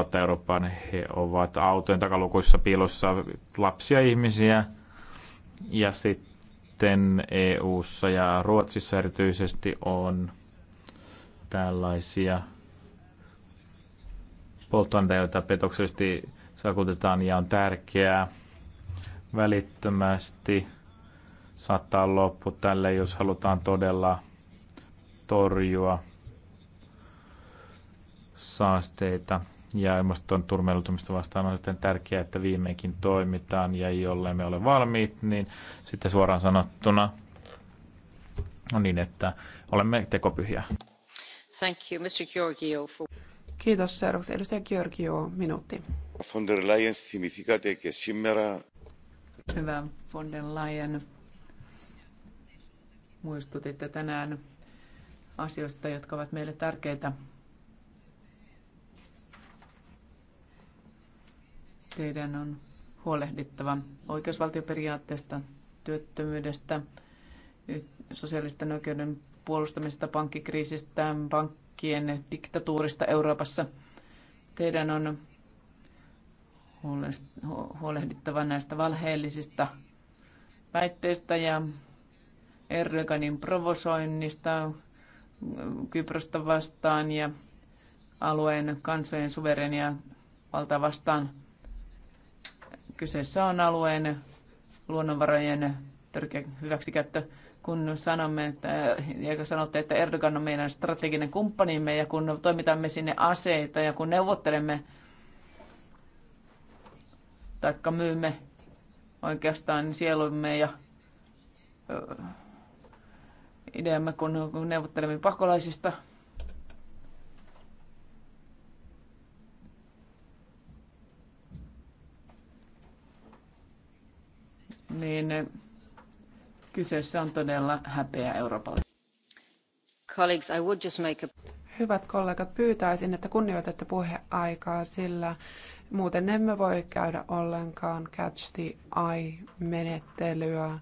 kautta Eurooppaan. He ovat autojen takalukuissa piilossa lapsia ihmisiä ja sitten EU:ssa ja Ruotsissa erityisesti on tällaisia polttoaineita, joita petoksellisesti sakutetaan ja on tärkeää välittömästi saattaa loppu tälle, jos halutaan todella torjua saasteita ja ilmaston turmeltumista vastaan on sitten tärkeää, että viimeinkin toimitaan ja jollei me ole valmiit, niin sitten suoraan sanottuna on niin, että olemme tekopyhiä. Thank you, Mr. Georgio. For... Kiitos, seuraavaksi edustaja Georgio, minuutti. Von der Leyen, θυμηθήκατε Hyvä von der Leyen, muistutitte tänään asioista, jotka ovat meille tärkeitä heidän on huolehdittava oikeusvaltioperiaatteesta, työttömyydestä, sosiaalisten oikeuden puolustamisesta, pankkikriisistä, pankkien diktatuurista Euroopassa. Teidän on huolehdittava näistä valheellisista väitteistä ja Erdoganin provosoinnista Kyprosta vastaan ja alueen kansojen suverenia valtaa vastaan. Kyseessä on alueen luonnonvarojen törkeä hyväksikäyttö. Kun sanomme, että, ja sanotte, että Erdogan on meidän strateginen kumppanimme ja kun toimitamme sinne aseita ja kun neuvottelemme tai myymme oikeastaan sielumme ja ideamme, kun neuvottelemme pakolaisista – Kyseessä on todella häpeä Euroopalle. Colleagues, I would just make a... Hyvät kollegat, pyytäisin, että kunnioitatte puheaikaa, sillä muuten emme voi käydä ollenkaan catch the eye-menettelyä.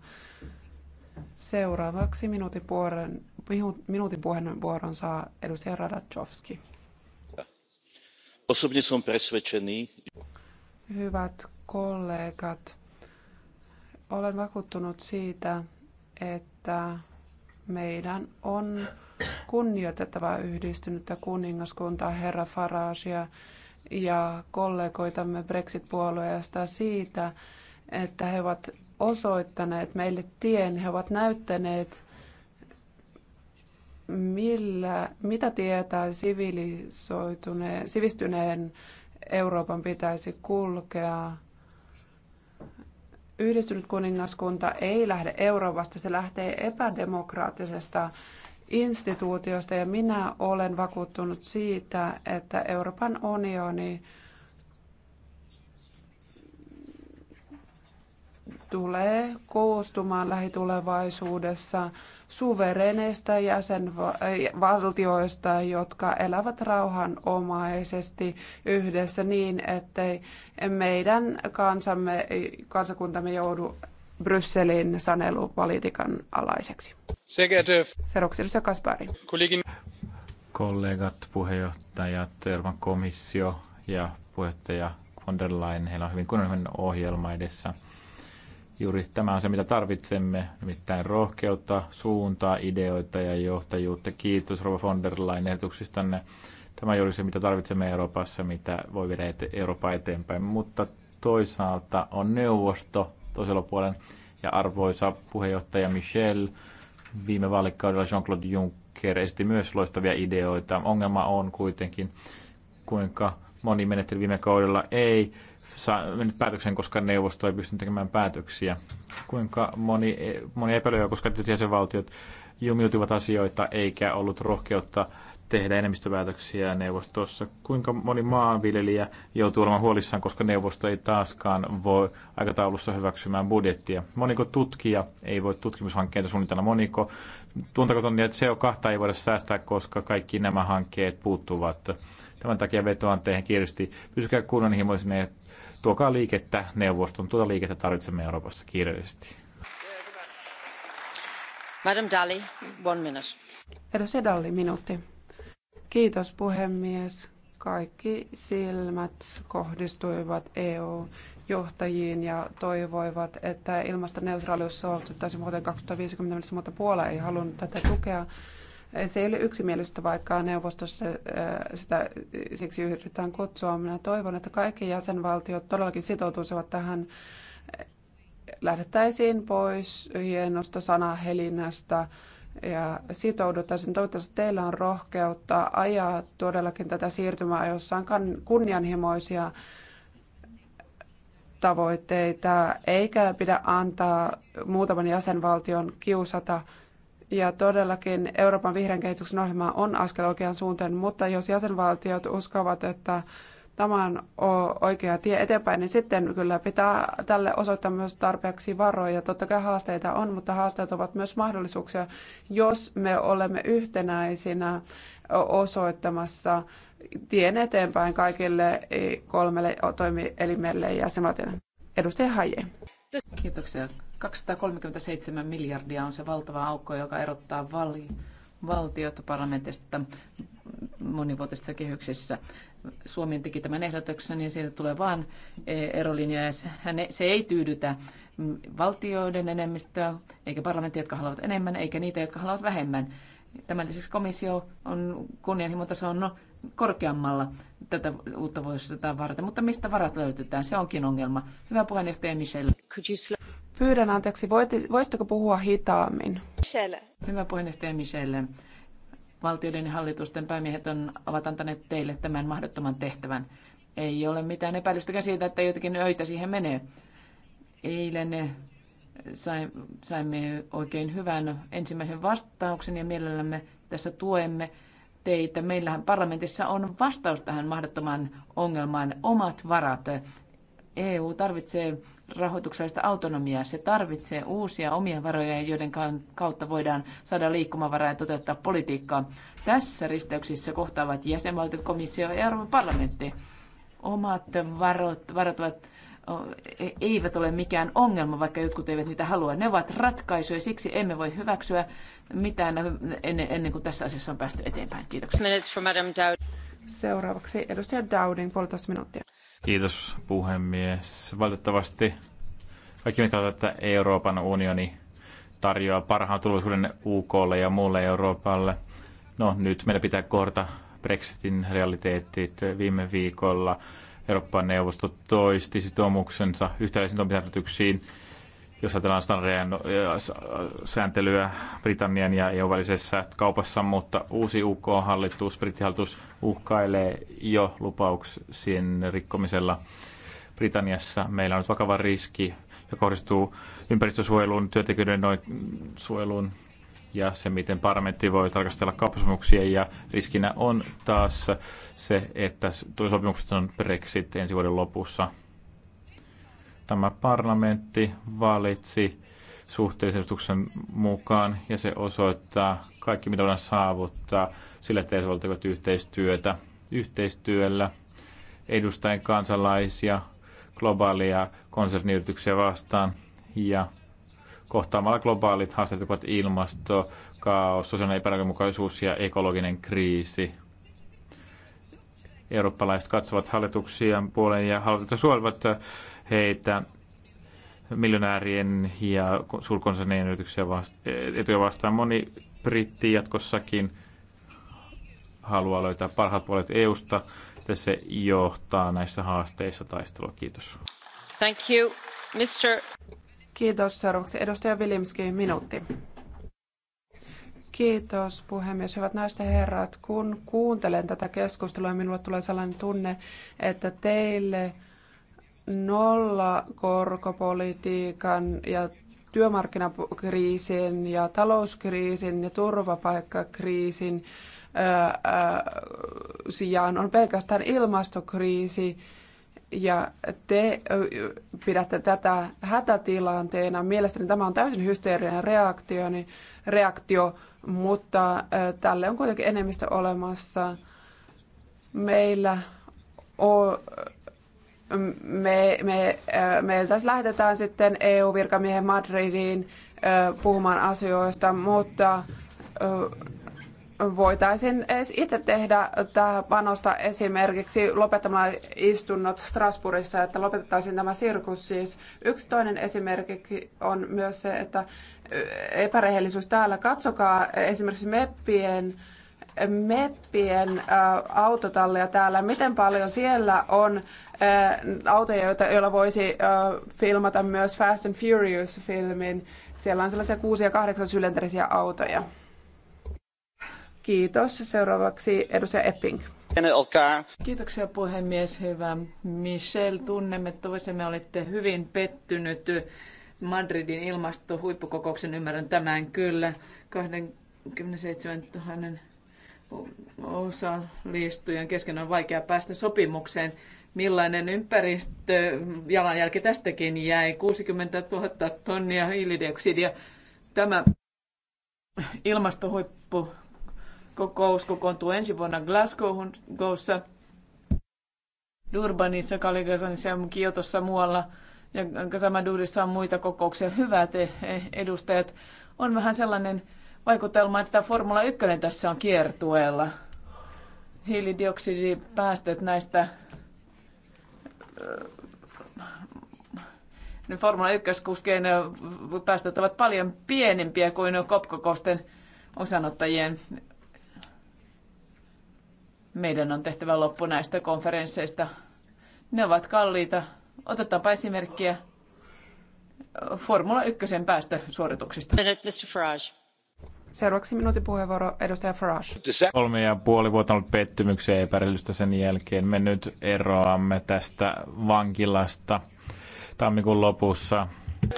Seuraavaksi minuutin, puolen, minuutin puheenvuoron saa edustaja Radaczowski. Osobně jsem přesvědčený. Hyvät kollegat, olen vakuuttunut siitä, että meidän on kunnioitettava yhdistynyttä kuningaskuntaa, herra Faragea ja kollegoitamme Brexit-puolueesta siitä, että he ovat osoittaneet meille tien, he ovat näyttäneet, millä, mitä tietää sivistyneen Euroopan pitäisi kulkea. Yhdistynyt kuningaskunta ei lähde Euroopasta, se lähtee epädemokraattisesta instituutiosta ja minä olen vakuuttunut siitä, että Euroopan unioni tulee koostumaan lähitulevaisuudessa suvereneista jäsenvaltioista, jotka elävät rauhanomaisesti yhdessä niin, ettei meidän kansamme, kansakuntamme joudu Brysselin sanelupolitiikan alaiseksi. Seuraavaksi edustaja Kaspari. Kollegat, puheenjohtajat, Euroopan komissio ja puheenjohtaja von der Leyen, heillä on hyvin kunnianhimoinen ohjelma edessä Juuri tämä on se, mitä tarvitsemme, nimittäin rohkeutta, suuntaa, ideoita ja johtajuutta. Kiitos Rova von der Leyen ehdotuksistanne. Tämä on juuri se, mitä tarvitsemme Euroopassa, mitä voi viedä ete- Euroopan eteenpäin. Mutta toisaalta on neuvosto toisella puolen ja arvoisa puheenjohtaja Michel. Viime vaalikaudella Jean-Claude Juncker esitti myös loistavia ideoita. Ongelma on kuitenkin, kuinka moni menetteli viime kaudella ei Saa mennyt päätökseen, koska neuvosto ei pystynyt tekemään päätöksiä. Kuinka moni, moni epäilyjä, koska jäsenvaltiot jumiutuvat asioita eikä ollut rohkeutta tehdä enemmistöpäätöksiä neuvostossa. Kuinka moni maanviljelijä joutuu olemaan huolissaan, koska neuvosto ei taaskaan voi aikataulussa hyväksymään budjettia? Moniko tutkija ei voi tutkimushankkeita suunnitella? Moniko tuntakotonia, että CO2 ei voida säästää, koska kaikki nämä hankkeet puuttuvat? Tämän takia vetoan teihin kiireesti. Pysykää kunnanhimoisina ja Tuokaa liikettä neuvoston, tuota liikettä tarvitsemme Euroopassa kiireellisesti. Madam Dali, one minute. Edustaja Dali, minuutti. Kiitos puhemies. Kaikki silmät kohdistuivat EU-johtajiin ja toivoivat, että ilmastoneutraalius saavutettaisiin vuoteen 2050, mutta Puola ei halunnut tätä tukea. Se ei ole yksimielistä, vaikka neuvostossa äh, sitä siksi yritetään kutsua. Minä toivon, että kaikki jäsenvaltiot todellakin sitoutuisivat tähän äh, lähdettäisiin pois hienosta sanahelinästä ja sitouduttaisiin. Toivottavasti teillä on rohkeutta ajaa todellakin tätä siirtymää, jossa on kunnianhimoisia tavoitteita, eikä pidä antaa muutaman jäsenvaltion kiusata ja todellakin Euroopan vihreän kehityksen ohjelma on askel oikeaan suuntaan, mutta jos jäsenvaltiot uskovat, että tämä on oikea tie eteenpäin, niin sitten kyllä pitää tälle osoittaa myös tarpeeksi varoja. Totta kai haasteita on, mutta haasteet ovat myös mahdollisuuksia, jos me olemme yhtenäisinä osoittamassa tien eteenpäin kaikille kolmelle toimielimelle ja jäsenvaltioille. Edustaja Haje. Kiitoksia 237 miljardia on se valtava aukko, joka erottaa vali, valtiota parlamentista monivuotisessa kehyksissä. Suomi teki tämän ehdotuksen ja siitä tulee vain e, erolinja. Ja se ei tyydytä valtioiden enemmistöä, eikä parlamenttia, jotka haluavat enemmän, eikä niitä, jotka haluavat vähemmän. Tämän lisäksi komissio on kunnianhimotason no, korkeammalla tätä uutta vuosisataa varten. Mutta mistä varat löytetään? Se onkin ongelma. Hyvä puheenjohtaja Michel. Pyydän anteeksi, voisitteko puhua hitaammin? Michelle. Hyvä puheenjohtaja Michelle. Valtioiden ja hallitusten päämiehet on, ovat antaneet teille tämän mahdottoman tehtävän. Ei ole mitään epäilystäkään siitä, että jotakin öitä siihen menee. Eilen eh, saimme oikein hyvän ensimmäisen vastauksen ja mielellämme tässä tuemme teitä. Meillähän parlamentissa on vastaus tähän mahdottoman ongelmaan omat varat. EU eh, e tarvitsee rahoituksellista autonomiaa. Se tarvitsee uusia omia varoja, joiden kautta voidaan saada liikkumavaraa ja toteuttaa politiikkaa. Tässä risteyksissä kohtaavat jäsenvaltiot, komissio ja Euroopan parlamentti. Omat varot, varat ovat e, eivät ole mikään ongelma, vaikka jotkut eivät niitä halua. Ne ovat ratkaisuja, siksi emme voi hyväksyä mitään ennen, ennen kuin tässä asiassa on päästy eteenpäin. Kiitoksia. Seuraavaksi edustaja Dowding, puolitoista minuuttia. Kiitos puhemies. Valitettavasti kaikki me katsotaan, että Euroopan unioni tarjoaa parhaan tulosuuden UKlle ja muulle Euroopalle. No nyt meidän pitää kohdata Brexitin realiteettit viime viikolla. Euroopan neuvosto toisti sitoumuksensa yhtäläisiin toimintaedellytyksiin jos ajatellaan standardien sääntelyä Britannian ja EU välisessä kaupassa, mutta uusi UK-hallitus, brittihallitus uhkailee jo lupauksien rikkomisella Britanniassa. Meillä on nyt vakava riski, joka kohdistuu ympäristösuojeluun, työntekijöiden suojeluun ja se, miten parlamentti voi tarkastella kauppasopimuksia. Ja riskinä on taas se, että tulee sopimukset on Brexit ensi vuoden lopussa – tämä parlamentti valitsi suhteellisuutuksen mukaan ja se osoittaa kaikki, mitä voidaan saavuttaa sillä, että teet yhteistyötä yhteistyöllä edustajien kansalaisia, globaalia konserniyrityksiä vastaan ja kohtaamalla globaalit haasteet, ovat ilmasto, kaos, sosiaalinen epäoikeudenmukaisuus ja ekologinen kriisi. Eurooppalaiset katsovat hallituksia puoleen ja hallitukset suojelevat heitä miljonäärien ja suurkonsernien yrityksiä vasta- etuja vastaan. Moni britti jatkossakin haluaa löytää parhaat puolet EU-sta, ja se johtaa näissä haasteissa taistelua. Kiitos. Thank you, Mr. Kiitos. Seuraavaksi edustaja Vilimski, minuutti. Kiitos puhemies. Hyvät naiset ja herrat, kun kuuntelen tätä keskustelua, minulle tulee sellainen tunne, että teille – nolla korkopolitiikan ja työmarkkinakriisin ja talouskriisin ja turvapaikkakriisin sijaan on pelkästään ilmastokriisi ja te pidätte tätä hätätilanteena. Mielestäni tämä on täysin hysteerinen reaktio, niin reaktio mutta tälle on kuitenkin enemmistö olemassa. Meillä on, me, me, meiltä siis lähetetään sitten EU-virkamiehen Madridiin puhumaan asioista, mutta voitaisiin itse tehdä tämä panosta esimerkiksi lopettamalla istunnot Strasbourgissa, että lopetettaisiin tämä sirkus siis. Yksi toinen esimerkki on myös se, että epärehellisyys täällä. Katsokaa esimerkiksi meppien meppien autotalleja täällä. Miten paljon siellä on autoja, joita, joilla voisi filmata myös Fast and Furious-filmin? Siellä on sellaisia kuusi- ja kahdeksan sylenterisiä autoja. Kiitos. Seuraavaksi edustaja Epping. Kiitoksia puhemies. Hyvä Michel. Tunnemme toisemme. Olette hyvin pettynyt Madridin ilmastohuippukokouksen. Ymmärrän tämän kyllä. 27 000 osallistujien kesken on vaikea päästä sopimukseen. Millainen ympäristö jalanjälki tästäkin jäi? 60 000 tonnia hiilidioksidia. Tämä ilmastohuippu kokous kokoontuu ensi vuonna Glasgow'ssa, Durbanissa, Kaligazanissa ja Kiotossa muualla. Ja Kasamadurissa on muita kokouksia. Hyvät e- e- edustajat, on vähän sellainen vaikutelma, että Formula 1 tässä on kiertueella. Hiilidioksidipäästöt näistä Ne Formula 1-kuskien päästöt ovat paljon pienempiä kuin kopkokosten osanottajien. Meidän on tehtävä loppu näistä konferensseista. Ne ovat kalliita. Otetaanpa esimerkkiä Formula 1 päästösuorituksista. Mr. Farage. Seuraavaksi minuutin puheenvuoro edustaja Farage. Kolme ja puoli vuotta on ollut pettymyksiä ja epäreilystä sen jälkeen. Me nyt eroamme tästä vankilasta tammikuun lopussa.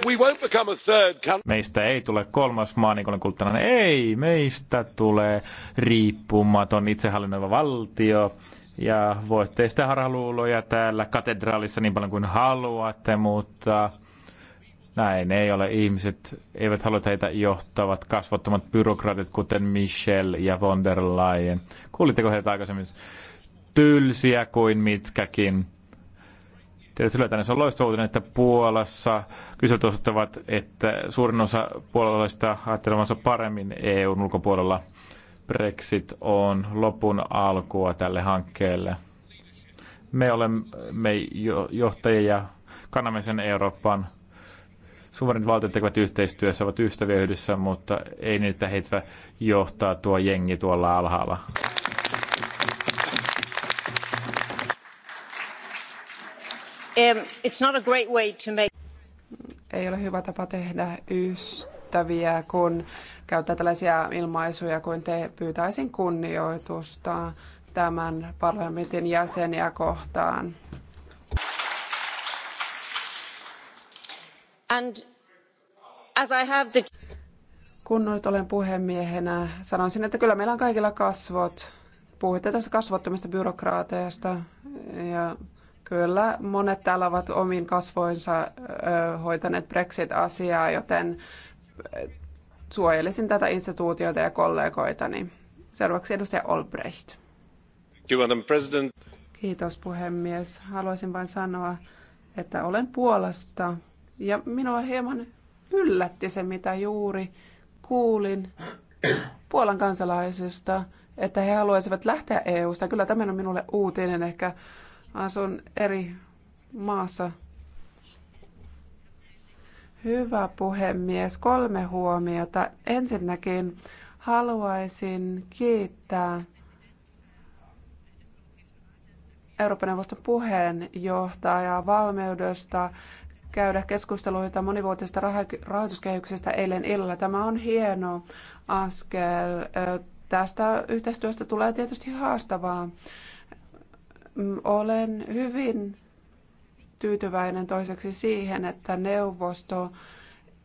We won't become a third country. Meistä ei tule kolmas maa, niin kuin Ei, meistä tulee riippumaton itsehallinnoiva valtio. Ja voitte sitä harhaluuloja täällä katedraalissa niin paljon kuin haluatte, mutta näin ei ole. Ihmiset eivät halua heitä johtavat kasvottomat byrokraatit, kuten Michelle ja von der Leyen. Kuulitteko heitä aikaisemmin? Tylsiä kuin mitkäkin. Tietysti yllätään, se on loistava uutinen, että Puolassa kyselyt osoittavat, että suurin osa puolalaisista ajattelevansa paremmin EUn ulkopuolella. Brexit on lopun alkua tälle hankkeelle. Me olemme johtajia ja kannamme sen Euroopan suverenit valtiot tekevät yhteistyössä, ovat ystäviä yhdessä, mutta ei niitä heitä johtaa tuo jengi tuolla alhaalla. Um, it's not a great way to make... Ei ole hyvä tapa tehdä ystäviä, kun käyttää tällaisia ilmaisuja kuin te pyytäisin kunnioitusta tämän parlamentin jäseniä kohtaan. Kun nyt olen puhemiehenä, sanoisin, että kyllä meillä on kaikilla kasvot. Puhuitte tässä kasvottomista byrokraateista ja Kyllä, monet täällä ovat omin kasvoinsa hoitaneet Brexit-asiaa, joten suojelisin tätä instituutiota ja kollegoitani. Seuraavaksi edustaja Olbrecht. Kiitos puhemies. Haluaisin vain sanoa, että olen Puolasta ja minua hieman yllätti se, mitä juuri kuulin Puolan kansalaisista, että he haluaisivat lähteä EU-sta. Kyllä tämä on minulle uutinen, ehkä asun eri maassa. Hyvä puhemies, kolme huomiota. Ensinnäkin haluaisin kiittää Euroopan neuvoston puheenjohtajaa valmeudesta käydä keskusteluita monivuotisesta rahoituskehyksestä eilen illalla. Tämä on hieno askel. Tästä yhteistyöstä tulee tietysti haastavaa. Mm, olen hyvin tyytyväinen toiseksi siihen, että neuvosto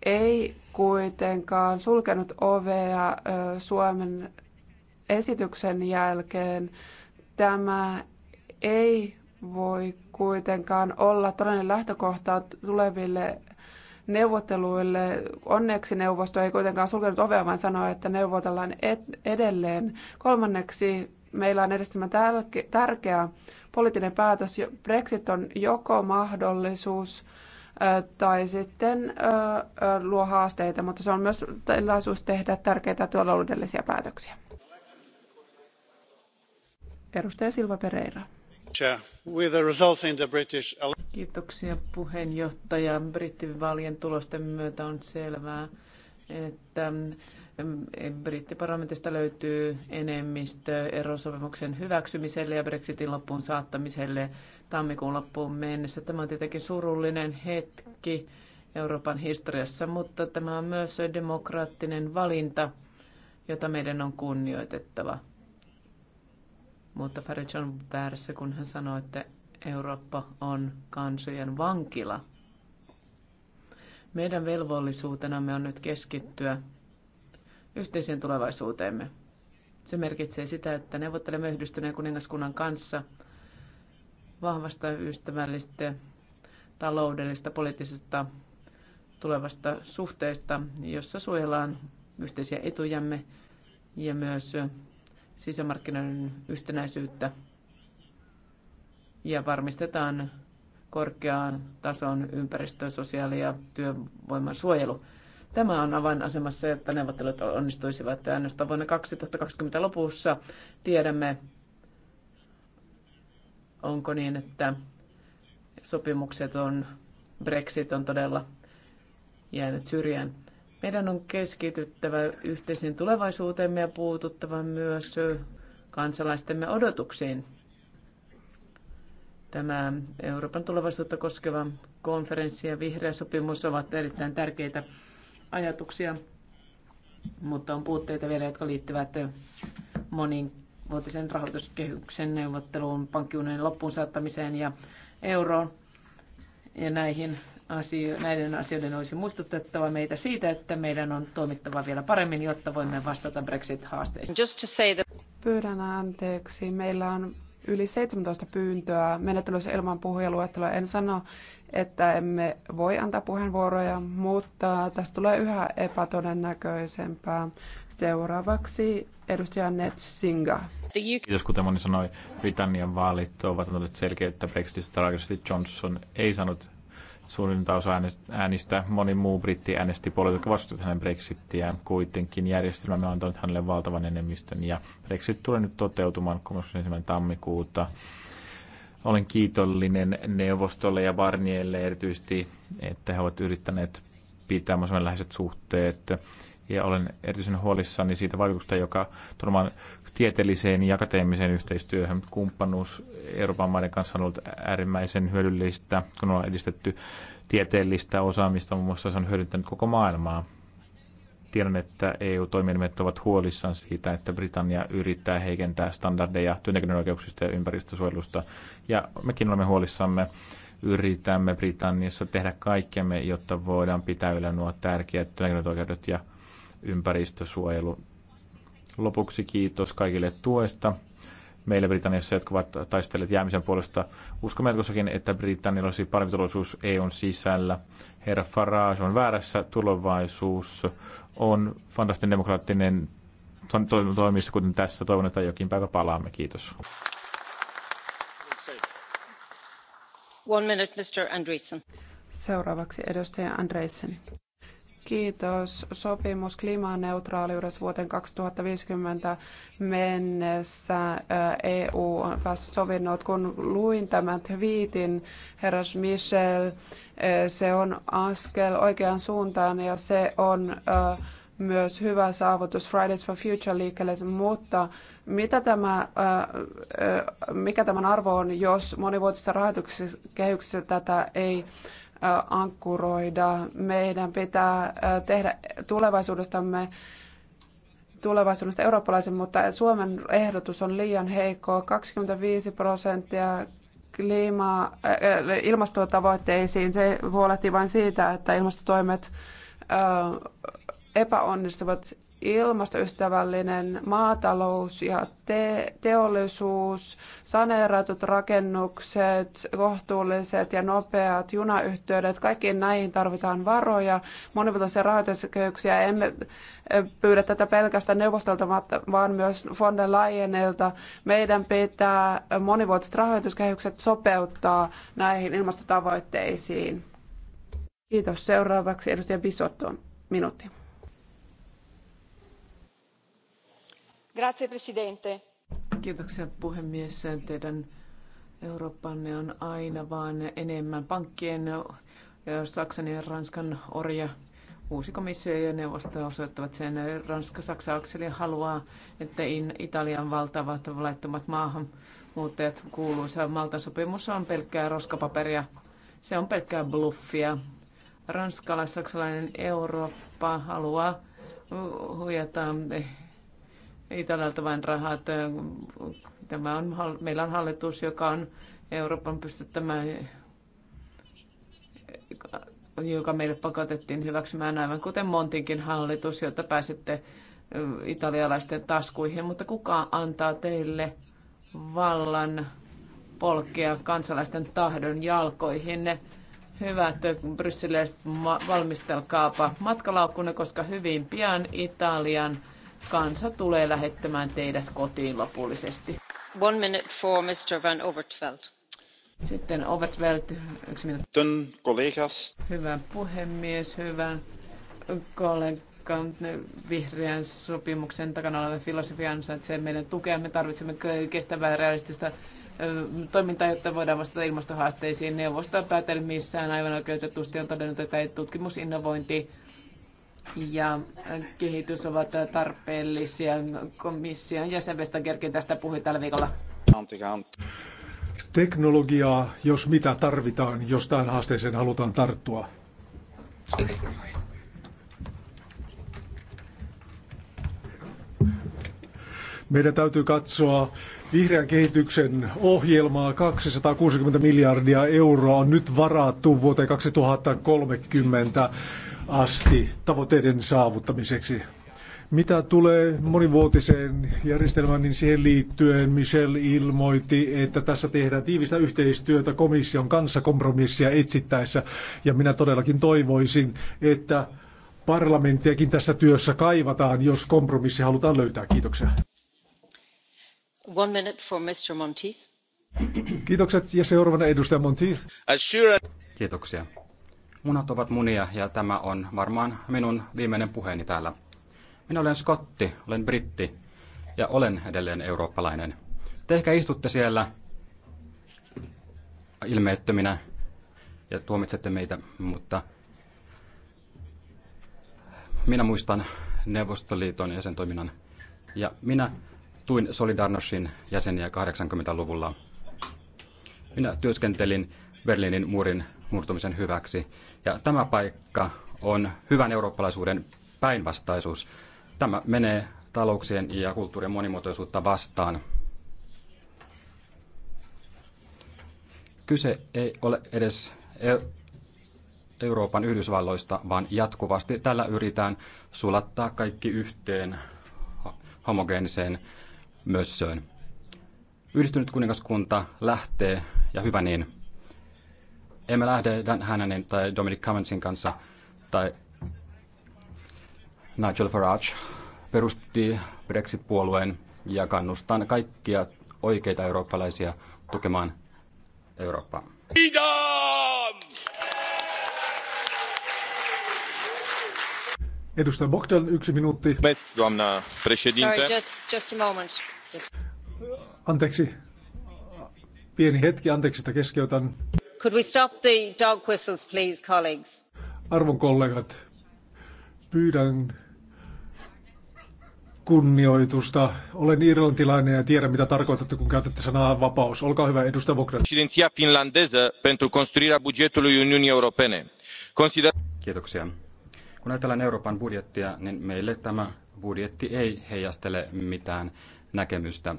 ei kuitenkaan sulkenut ovea Suomen esityksen jälkeen. Tämä ei voi kuitenkaan olla todellinen lähtökohta tuleville neuvotteluille. Onneksi neuvosto ei kuitenkaan sulkenut ovea, vaan sanoi, että neuvotellaan edelleen. Kolmanneksi meillä on tämä tärkeä poliittinen päätös. Brexit on joko mahdollisuus tai sitten luo haasteita, mutta se on myös tilaisuus tehdä tärkeitä taloudellisia päätöksiä. Edustaja Silva Pereira. Kiitoksia puheenjohtaja. Brittivaalien tulosten myötä on selvää, että mm, brittiparlamentista löytyy enemmistö erosopimuksen hyväksymiselle ja Brexitin loppuun saattamiselle tammikuun loppuun mennessä. Tämä on tietenkin surullinen hetki Euroopan historiassa, mutta tämä on myös demokraattinen valinta, jota meidän on kunnioitettava. Mutta Farage on väärässä, kun hän sanoi, että Eurooppa on kansojen vankila. Meidän velvollisuutenamme on nyt keskittyä yhteiseen tulevaisuuteemme. Se merkitsee sitä, että neuvottelemme yhdistyneen kuningaskunnan kanssa vahvasta ystävällistä taloudellista, poliittisesta tulevasta suhteesta, jossa suojellaan yhteisiä etujamme ja myös sisämarkkinoiden yhtenäisyyttä ja varmistetaan korkean tason ympäristö-, sosiaali- ja työvoiman suojelu. Tämä on avainasemassa, että neuvottelut onnistuisivat. Ainoastaan vuonna 2020 lopussa tiedämme, onko niin, että sopimukset on, Brexit on todella jäänyt syrjään meidän on keskityttävä yhteiseen tulevaisuuteemme ja puututtava myös kansalaistemme odotuksiin. Tämä Euroopan tulevaisuutta koskeva konferenssi ja vihreä sopimus ovat erittäin tärkeitä ajatuksia, mutta on puutteita vielä, jotka liittyvät monivuotisen rahoituskehyksen neuvotteluun, pankkiunionin loppuun saattamiseen ja euroon. Ja näihin asio, näiden asioiden olisi muistutettava meitä siitä, että meidän on toimittava vielä paremmin, jotta voimme vastata Brexit-haasteisiin. That... Pyydän anteeksi. Meillä on yli 17 pyyntöä menettelyssä ilman puhujaluettelua. En sano, että emme voi antaa puheenvuoroja, mutta tästä tulee yhä epätodennäköisempää. Seuraavaksi edustaja Net Singa. Kiitos, kuten moni sanoi, Britannian vaalit ovat antaneet selkeyttä Brexitistä. Tarkasti Johnson ei saanut Suurinta osa äänistä, moni muu britti äänesti puolelta, jotka vastustivat hänen brexittiään. Kuitenkin järjestelmämme on antanut hänelle valtavan enemmistön ja Brexit tulee nyt toteutumaan 31. tammikuuta. Olen kiitollinen neuvostolle ja Barnierille erityisesti, että he ovat yrittäneet pitää läheiset suhteet ja olen erityisen huolissani siitä vaikutusta, joka tulemaan tieteelliseen ja akateemiseen yhteistyöhön. Kumppanuus Euroopan maiden kanssa on ollut äärimmäisen hyödyllistä, kun on edistetty tieteellistä osaamista, muun muassa se on hyödyntänyt koko maailmaa. Tiedän, että EU-toimielimet ovat huolissaan siitä, että Britannia yrittää heikentää standardeja työntekijöiden oikeuksista ja ympäristösuojelusta. Ja mekin olemme huolissamme. Yritämme Britanniassa tehdä kaikkemme, jotta voidaan pitää yllä nuo tärkeät työntekijöiden oikeudet ja ympäristösuojelu Lopuksi kiitos kaikille tuesta meille Britanniassa, jotka ovat taistelleet jäämisen puolesta. Uskomme jatkossakin, että Britannialla olisi parempi tulevaisuus EUn sisällä. Herra Farage on väärässä, tulevaisuus on fantastinen demokraattinen toimissa, kuten tässä. Toivon, että jokin päivä palaamme. Kiitos. One minute, Mr. Andreessen. Seuraavaksi edustaja Andreessen. Kiitos. Sopimus klimaneutraaliudesta vuoteen 2050 mennessä äh, EU on päässyt sovinnot. Kun luin tämän twiitin, herras Michel, äh, se on askel oikeaan suuntaan ja se on äh, myös hyvä saavutus Fridays for Future liikkeelle, mutta mitä tämä, mikä tämän arvo on, jos monivuotisessa rahoituksessa kehyksessä tätä ei ankkuroida. Meidän pitää tehdä tulevaisuudestamme tulevaisuudesta eurooppalaisen, mutta Suomen ehdotus on liian heikko. 25 prosenttia ilmastotavoitteisiin. Se huolehtii vain siitä, että ilmastotoimet epäonnistuvat ilmastoystävällinen maatalous ja te- teollisuus, saneeratut rakennukset, kohtuulliset ja nopeat junayhteydet, kaikkiin näihin tarvitaan varoja, monivuotisia rahoituskehyksiä. Emme eh, pyydä tätä pelkästään neuvostolta, vaan myös von der Leyenilta. Meidän pitää monivuotiset rahoituskehykset sopeuttaa näihin ilmastotavoitteisiin. Kiitos. Seuraavaksi edustaja Bisotto, minuutti Grazie, Kiitoksia puhemies. Teidän Eurooppanne on aina vaan enemmän pankkien, Saksan ja Ranskan orja uusi komissio ja neuvosto osoittavat sen. Ranska-Saksa-akseli haluaa, että Italian valtavat laittomat maahanmuuttajat kuuluisa Maltan sopimus on pelkkää roskapaperia. Se on pelkkää bluffia. Ranskalais-saksalainen Eurooppa haluaa huijata Italialta vain rahat. Tämä on, meillä on hallitus, joka on Euroopan pystyttämä, joka meille pakotettiin hyväksymään aivan kuten Montinkin hallitus, jotta pääsitte italialaisten taskuihin, mutta kuka antaa teille vallan polkea kansalaisten tahdon jalkoihinne? Hyvät että brysseliläiset valmistelkaapa matkalaukkunne, koska hyvin pian Italian kansa tulee lähettämään teidät kotiin lopullisesti. One minute for Mr. Van Overtveld. Sitten Overtveld, yksi minuutti. kollegas. Hyvä puhemies, hyvä kollega. Vihreän sopimuksen takana oleva filosofia ansaitsee meidän tukea. Me tarvitsemme kestävää realistista toimintaa, jotta voidaan vastata ilmastohaasteisiin. Neuvosto päätelmissään aivan oikeutetusti on todennut, että tutkimusinnovointi ja kehitys ovat tarpeellisia. Komission jäsenvestä Vestagerkin tästä puhui tällä viikolla. Teknologiaa, jos mitä tarvitaan, jos tähän haasteeseen halutaan tarttua. Meidän täytyy katsoa vihreän kehityksen ohjelmaa. 260 miljardia euroa on nyt varattu vuoteen 2030 asti tavoitteiden saavuttamiseksi. Mitä tulee monivuotiseen järjestelmään, niin siihen liittyen Michel ilmoitti, että tässä tehdään tiivistä yhteistyötä komission kanssa kompromissia etsittäessä. Ja minä todellakin toivoisin, että parlamenttiakin tässä työssä kaivataan, jos kompromissi halutaan löytää. Kiitoksia. One minute for Mr. Monteith. Kiitokset ja seuraavana edustaja Monteith. Kiitoksia Munat ovat munia ja tämä on varmaan minun viimeinen puheeni täällä. Minä olen skotti, olen britti ja olen edelleen eurooppalainen. Te ehkä istutte siellä ilmeettöminä ja tuomitsette meitä, mutta minä muistan Neuvostoliiton ja sen toiminnan. Ja minä tuin Solidarnoshin jäseniä 80-luvulla. Minä työskentelin Berliinin muurin murtumisen hyväksi. Ja tämä paikka on hyvän eurooppalaisuuden päinvastaisuus. Tämä menee talouksien ja kulttuurien monimuotoisuutta vastaan. Kyse ei ole edes Euroopan Yhdysvalloista, vaan jatkuvasti tällä yritetään sulattaa kaikki yhteen homogeeniseen mössöön. Yhdistynyt kuningaskunta lähtee, ja hyvä niin emme lähde Dan Hannanin tai Dominic Cummingsin kanssa tai Nigel Farage perusti Brexit-puolueen ja kannustan kaikkia oikeita eurooppalaisia tukemaan Eurooppaa. Edustaja Bogdan, yksi minuutti. Sorry, just, just a moment. Just... Anteeksi. Pieni hetki, anteeksi, että keskeytän. Could we stop the dog whistles, please, colleagues? Arvon kollegat, pyydän kunnioitusta. Olen irlantilainen ja tiedän, mitä tarkoitatte, kun käytätte sanaa vapaus. Olkaa hyvä, edustaja Bokren. Presidenția finlandeză pentru construirea bugetului Uniunii Europene. Consider... Kiitoksia. Kun ajatellaan Euroopan budjettia, niin meille tämä budjetti ei heijastele mitään näkemystä.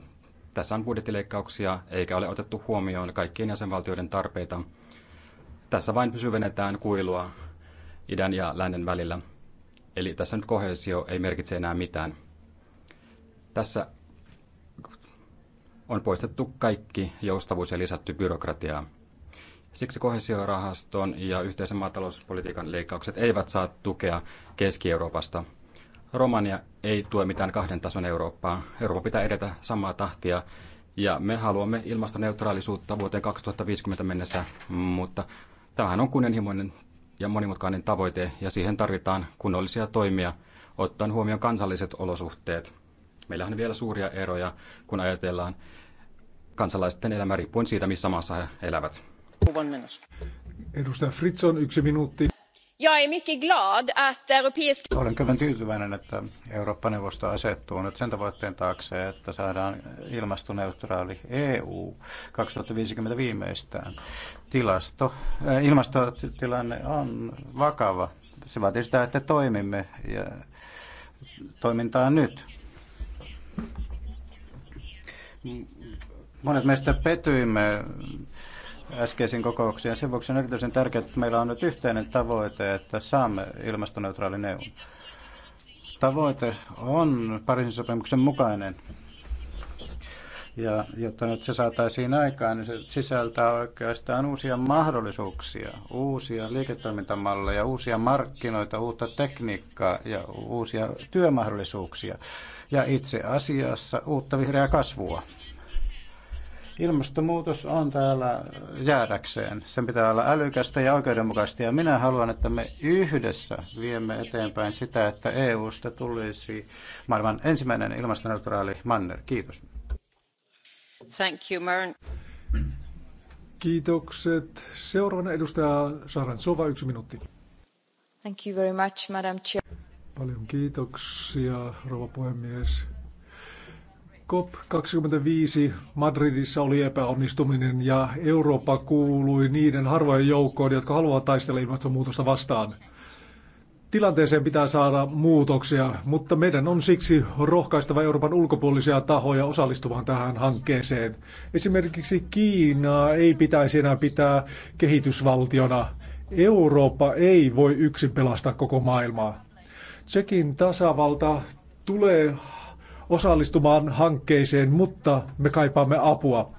Tässä on budjettileikkauksia, eikä ole otettu huomioon kaikkien jäsenvaltioiden tarpeita. Tässä vain syvennetään kuilua idän ja lännen välillä. Eli tässä nyt kohesio ei merkitse enää mitään. Tässä on poistettu kaikki joustavuus ja lisätty byrokratiaa. Siksi kohesiorahaston ja yhteisen maatalouspolitiikan leikkaukset eivät saa tukea Keski-Euroopasta. Romania ei tue mitään kahden tason Eurooppaa. Eurooppa pitää edetä samaa tahtia ja me haluamme ilmastoneutraalisuutta vuoteen 2050 mennessä, mutta Tämähän on kunnianhimoinen ja monimutkainen tavoite ja siihen tarvitaan kunnollisia toimia ottaen huomioon kansalliset olosuhteet. Meillähän on vielä suuria eroja, kun ajatellaan kansalaisten elämää riippuen siitä, missä maassa he elävät. Edustaja Fritson, yksi minuutti. Olen kyllä tyytyväinen, että Eurooppa-neuvosto asettuu nyt sen tavoitteen taakse, että saadaan ilmastoneutraali EU 2050 viimeistään. Tilasto, äh, ilmastotilanne on vakava. Se vaatii sitä, että toimimme ja toimintaa nyt. Monet meistä pettyimme äskeisiin kokouksiin. Sen vuoksi on erityisen tärkeää, että meillä on nyt yhteinen tavoite, että saamme ilmastoneutraalin EUn. Tavoite on Pariisin sopimuksen mukainen. Ja jotta nyt se saataisiin aikaan, niin se sisältää oikeastaan uusia mahdollisuuksia, uusia liiketoimintamalleja, uusia markkinoita, uutta tekniikkaa ja uusia työmahdollisuuksia. Ja itse asiassa uutta vihreää kasvua. Ilmastonmuutos on täällä jäädäkseen. Sen pitää olla älykästä ja oikeudenmukaista. Ja minä haluan, että me yhdessä viemme eteenpäin sitä, että EU-sta tulisi maailman ensimmäinen ilmastoneutraali manner. Kiitos. Thank you, Mern. Kiitokset. Seuraavana edustaja Saran Sova, yksi minuutti. Thank you very much, Madam Chair. Paljon kiitoksia, rouva puhemies. COP25 Madridissa oli epäonnistuminen ja Eurooppa kuului niiden harvojen joukkoon, jotka haluavat taistella ilmastonmuutosta vastaan. Tilanteeseen pitää saada muutoksia, mutta meidän on siksi rohkaistava Euroopan ulkopuolisia tahoja osallistumaan tähän hankkeeseen. Esimerkiksi Kiinaa ei pitäisi enää pitää kehitysvaltiona. Eurooppa ei voi yksin pelastaa koko maailmaa. Tsekin tasavalta tulee osallistumaan hankkeeseen, mutta me kaipaamme apua.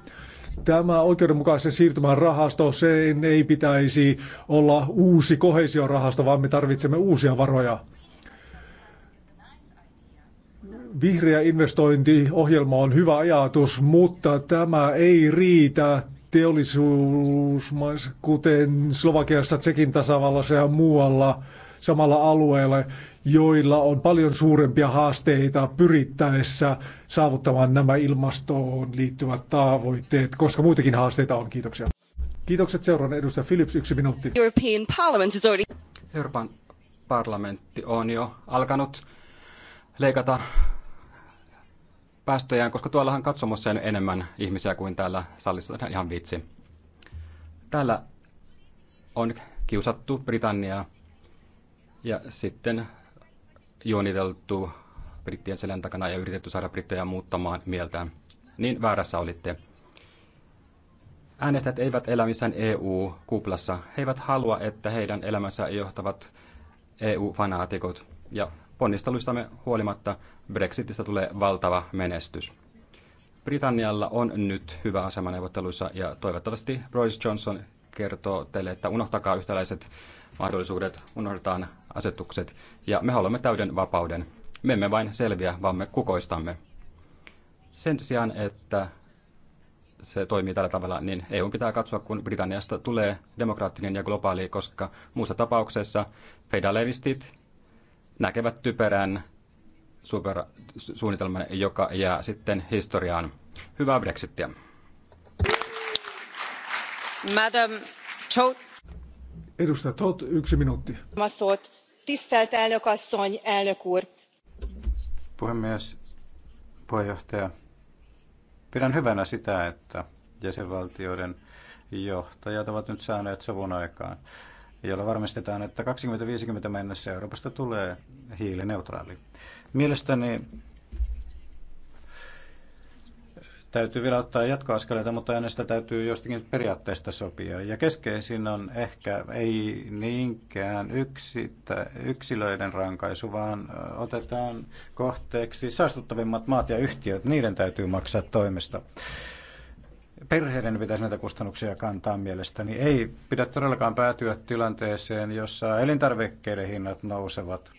Tämä oikeudenmukaisen siirtymän rahasto, sen ei pitäisi olla uusi kohesiorahasto, vaan me tarvitsemme uusia varoja. Vihreä investointiohjelma on hyvä ajatus, mutta tämä ei riitä teollisuusmaissa, kuten Slovakiassa, Tsekin tasavallassa ja muualla – samalla alueella, joilla on paljon suurempia haasteita pyrittäessä saavuttamaan nämä ilmastoon liittyvät tavoitteet, koska muitakin haasteita on. Kiitoksia. Kiitokset seuraan edustaja Philips, yksi minuutti. European Parliament is already... Euroopan parlamentti on jo alkanut leikata päästöjään, koska tuollahan katsomossa on enemmän ihmisiä kuin täällä salissa. Ihan vitsi. Täällä on kiusattu Britanniaa ja sitten juoniteltu brittien selän takana ja yritetty saada brittejä muuttamaan mieltään. Niin väärässä olitte. Äänestäjät eivät elä missään EU-kuplassa. He eivät halua, että heidän elämänsä johtavat EU-fanaatikot. Ja ponnisteluistamme huolimatta Brexitistä tulee valtava menestys. Britannialla on nyt hyvä asema neuvotteluissa ja toivottavasti Boris Johnson kertoo teille, että unohtakaa yhtäläiset mahdollisuudet, unohdetaan asetukset ja me haluamme täyden vapauden. Me emme vain selviä, vaan me kukoistamme. Sen sijaan, että se toimii tällä tavalla, niin EU pitää katsoa, kun Britanniasta tulee demokraattinen ja globaali, koska muussa tapauksessa federalistit näkevät typerän supersuunnitelman, joka jää sitten historiaan. Hyvää Brexittiä! Madam Tot. Edustaja yksi minuutti. Tisztelt elnök asszony, elnök úr. Puhemies, puheenjohtaja. Pidän hyvänä sitä, että jäsenvaltioiden johtajat ovat nyt saaneet sovun aikaan, jolla varmistetaan, että 2050 mennessä Euroopasta tulee hiilineutraali. Mielestäni Täytyy vielä ottaa jatkoaskeleita, mutta aina sitä täytyy jostakin periaatteesta sopia. Ja keskeisin on ehkä ei niinkään yksittä, yksilöiden rankaisu, vaan otetaan kohteeksi saastuttavimmat maat ja yhtiöt. Niiden täytyy maksaa toimesta perheiden pitäisi näitä kustannuksia kantaa mielestäni. Ei pidä todellakaan päätyä tilanteeseen, jossa elintarvikkeiden hinnat nousevat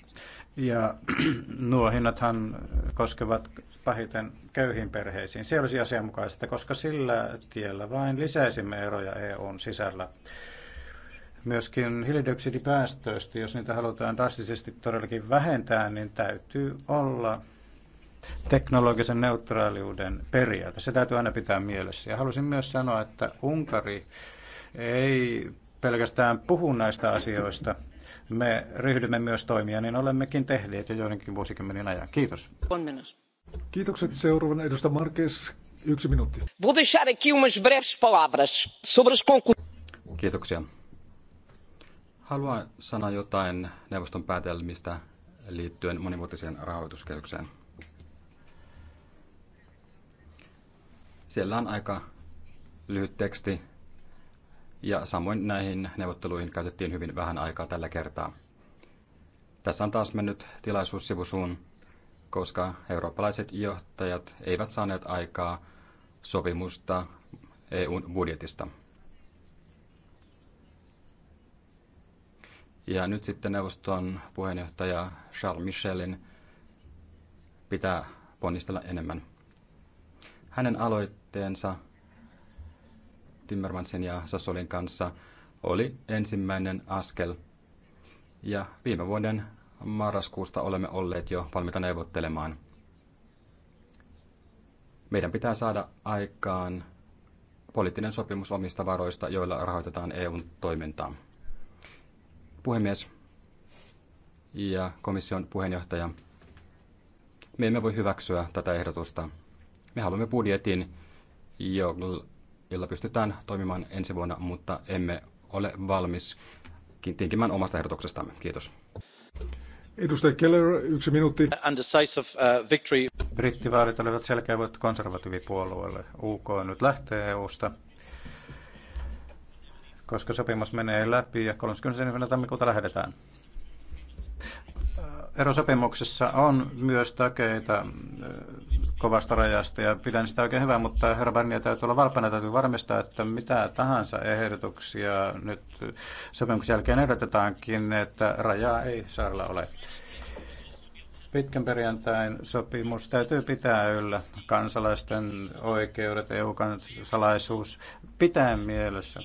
ja nuo hinnathan koskevat pahiten köyhiin perheisiin. Se olisi asianmukaista, koska sillä tiellä vain lisäisimme eroja EUn sisällä. Myöskin hiilidioksidipäästöistä, jos niitä halutaan drastisesti todellakin vähentää, niin täytyy olla teknologisen neutraaliuden periaate. Se täytyy aina pitää mielessä. Ja halusin myös sanoa, että Unkari ei pelkästään puhu näistä asioista, me ryhdymme myös toimia, niin olemmekin tehneet jo joidenkin vuosikymmenen ajan. Kiitos. On menossa. Kiitokset seuraavan edustaja Marques. Yksi minuutti. Vou deixar aqui umas breves palavras sobre as Kiitoksia. Haluan sanoa jotain neuvoston päätelmistä liittyen monivuotiseen rahoituskehykseen. Siellä on aika lyhyt teksti ja samoin näihin neuvotteluihin käytettiin hyvin vähän aikaa tällä kertaa. Tässä on taas mennyt tilaisuus sivusuun, koska eurooppalaiset johtajat eivät saaneet aikaa sopimusta EUn budjetista. Ja nyt sitten neuvoston puheenjohtaja Charles Michelin pitää ponnistella enemmän. Hänen aloitteensa Timmermansin ja Sassolin kanssa oli ensimmäinen askel. Ja viime vuoden marraskuusta olemme olleet jo valmiita neuvottelemaan. Meidän pitää saada aikaan poliittinen sopimus omista varoista, joilla rahoitetaan EUn toimintaa. Puhemies ja komission puheenjohtaja, me emme voi hyväksyä tätä ehdotusta. Me haluamme budjetin, jolla jolla pystytään toimimaan ensi vuonna, mutta emme ole valmis tinkimään omasta ehdotuksestamme. Kiitos. Edustaja Keller, yksi minuutti. Uh, victory. Brittivaalit olivat selkeä voitto konservatiivipuolueelle. UK nyt lähtee EUsta, koska sopimus menee läpi ja 30. tammikuuta lähdetään. Erosopimuksessa on myös takeita kovasta rajasta ja pidän sitä oikein hyvää, mutta herra Barnier täytyy olla valpana, täytyy varmistaa, että mitä tahansa ehdotuksia nyt sopimuksen jälkeen ehdotetaankin, että rajaa ei saarella ole. Pitkän perjantain sopimus täytyy pitää yllä kansalaisten oikeudet, EU-kansalaisuus pitää mielessä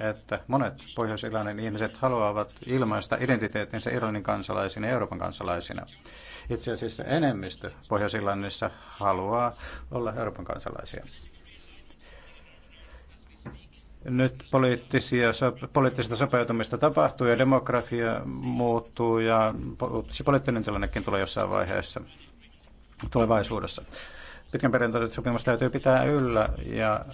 että monet Pohjois-Irlannin ihmiset haluavat ilmaista identiteettinsä Irlannin kansalaisina ja Euroopan kansalaisina. Itse asiassa enemmistö Pohjois-Irlannissa haluaa olla Euroopan kansalaisia. Nyt poliittisia, poliittista sopeutumista tapahtuu ja demografia muuttuu ja poliittinen tilannekin tulee jossain vaiheessa tulevaisuudessa. Pitkän perjantai sopimus täytyy pitää yllä ja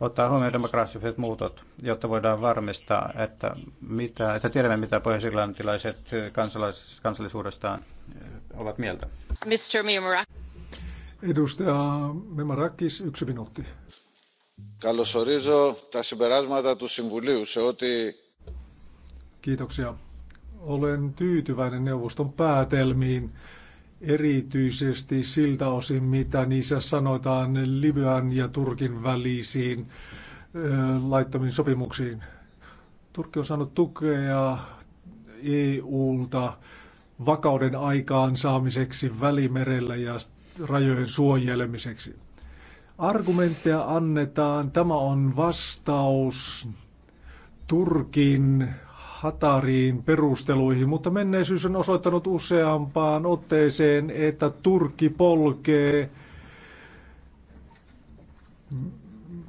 ottaa huomioon demografiset muutot, jotta voidaan varmistaa, että, mitä, että tiedämme, mitä pohjois-irlantilaiset kansalais, kansallisuudestaan eh, ovat mieltä. Mr. Mimarakis. Edustaja Mimarakis, yksi minuutti. Καλωσορίζω τα συμπεράσματα του Συμβουλίου σε ό,τι... Kiitoksia. Olen tyytyväinen neuvoston päätelmiin erityisesti siltä osin, mitä niissä sanotaan Libyan ja Turkin välisiin laittomiin sopimuksiin. Turkki on saanut tukea EUlta vakauden aikaan saamiseksi välimerellä ja rajojen suojelemiseksi. Argumentteja annetaan, tämä on vastaus Turkin hatariin perusteluihin, mutta menneisyys on osoittanut useampaan otteeseen, että Turkki polkee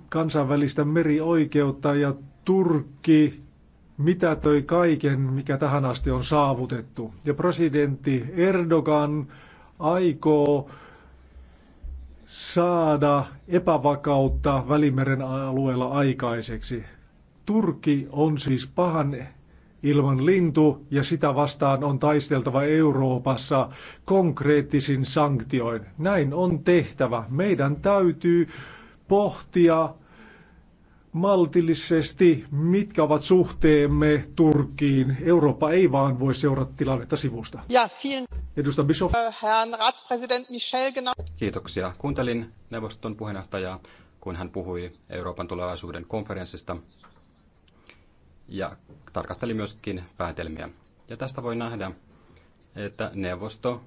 kansainvälistä merioikeutta ja Turkki mitätöi kaiken, mikä tähän asti on saavutettu. Ja presidentti Erdogan aikoo saada epävakautta Välimeren alueella aikaiseksi. Turkki on siis pahan ilman lintu ja sitä vastaan on taisteltava Euroopassa konkreettisin sanktioin. Näin on tehtävä. Meidän täytyy pohtia maltillisesti, mitkä ovat suhteemme Turkkiin. Eurooppa ei vaan voi seurata tilannetta sivusta. Ja, vielen... Edustaja Bischoff. Äh, Ratspräsident Michel, genau. Kiitoksia. Kuuntelin neuvoston puheenjohtajaa, kun hän puhui Euroopan tulevaisuuden konferenssista ja tarkasteli myöskin päätelmiä. Ja tästä voi nähdä, että neuvosto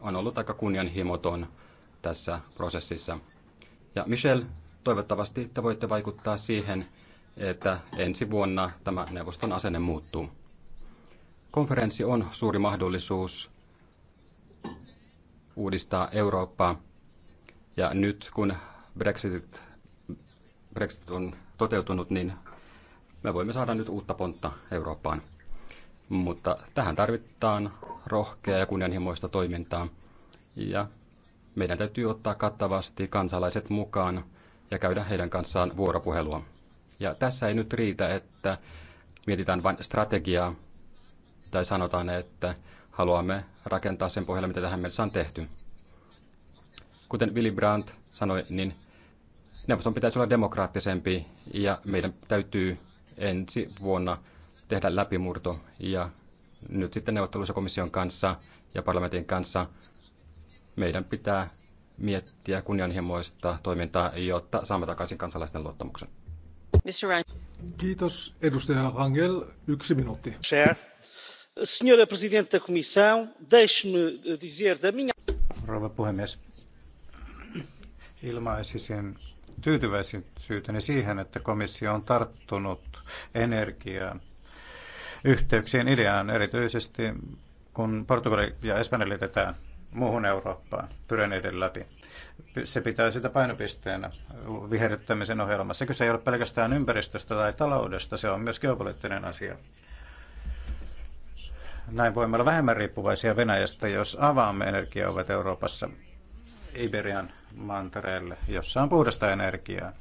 on ollut aika kunnianhimoton tässä prosessissa. Ja Michel, toivottavasti te voitte vaikuttaa siihen, että ensi vuonna tämä neuvoston asenne muuttuu. Konferenssi on suuri mahdollisuus uudistaa Eurooppaa. Ja nyt kun Brexit, Brexit on toteutunut, niin me voimme saada nyt uutta pontta Eurooppaan. Mutta tähän tarvitaan rohkeaa ja kunnianhimoista toimintaa. Ja meidän täytyy ottaa kattavasti kansalaiset mukaan ja käydä heidän kanssaan vuoropuhelua. Ja tässä ei nyt riitä, että mietitään vain strategiaa tai sanotaan, että haluamme rakentaa sen pohjalle, mitä tähän mennessä on tehty. Kuten Willy Brandt sanoi, niin neuvoston pitäisi olla demokraattisempi ja meidän täytyy ensi vuonna tehdä läpimurto ja nyt sitten neuvotteluissa komission kanssa ja parlamentin kanssa meidän pitää miettiä kunnianhimoista toimintaa, jotta saamme takaisin kansalaisten luottamuksen. Mr. Kiitos edustaja Rangel. Yksi minuutti. Senhora Presidente da Comissão, deixe-me dizer da minha... Rouva puhemies, ilmaisisin tyytyväisyyteni siihen, että komissio on tarttunut energiaan yhteyksien ideaan, erityisesti kun Portugali ja Espanja liitetään muuhun Eurooppaan pyreneiden läpi. Se pitää sitä painopisteenä viherryttämisen ohjelmassa. Kyse ei ole pelkästään ympäristöstä tai taloudesta, se on myös geopoliittinen asia. Näin voimme olla vähemmän riippuvaisia Venäjästä, jos avaamme energiaovet Euroopassa. Iberian mantereelle, jossa on puhdasta energiaa.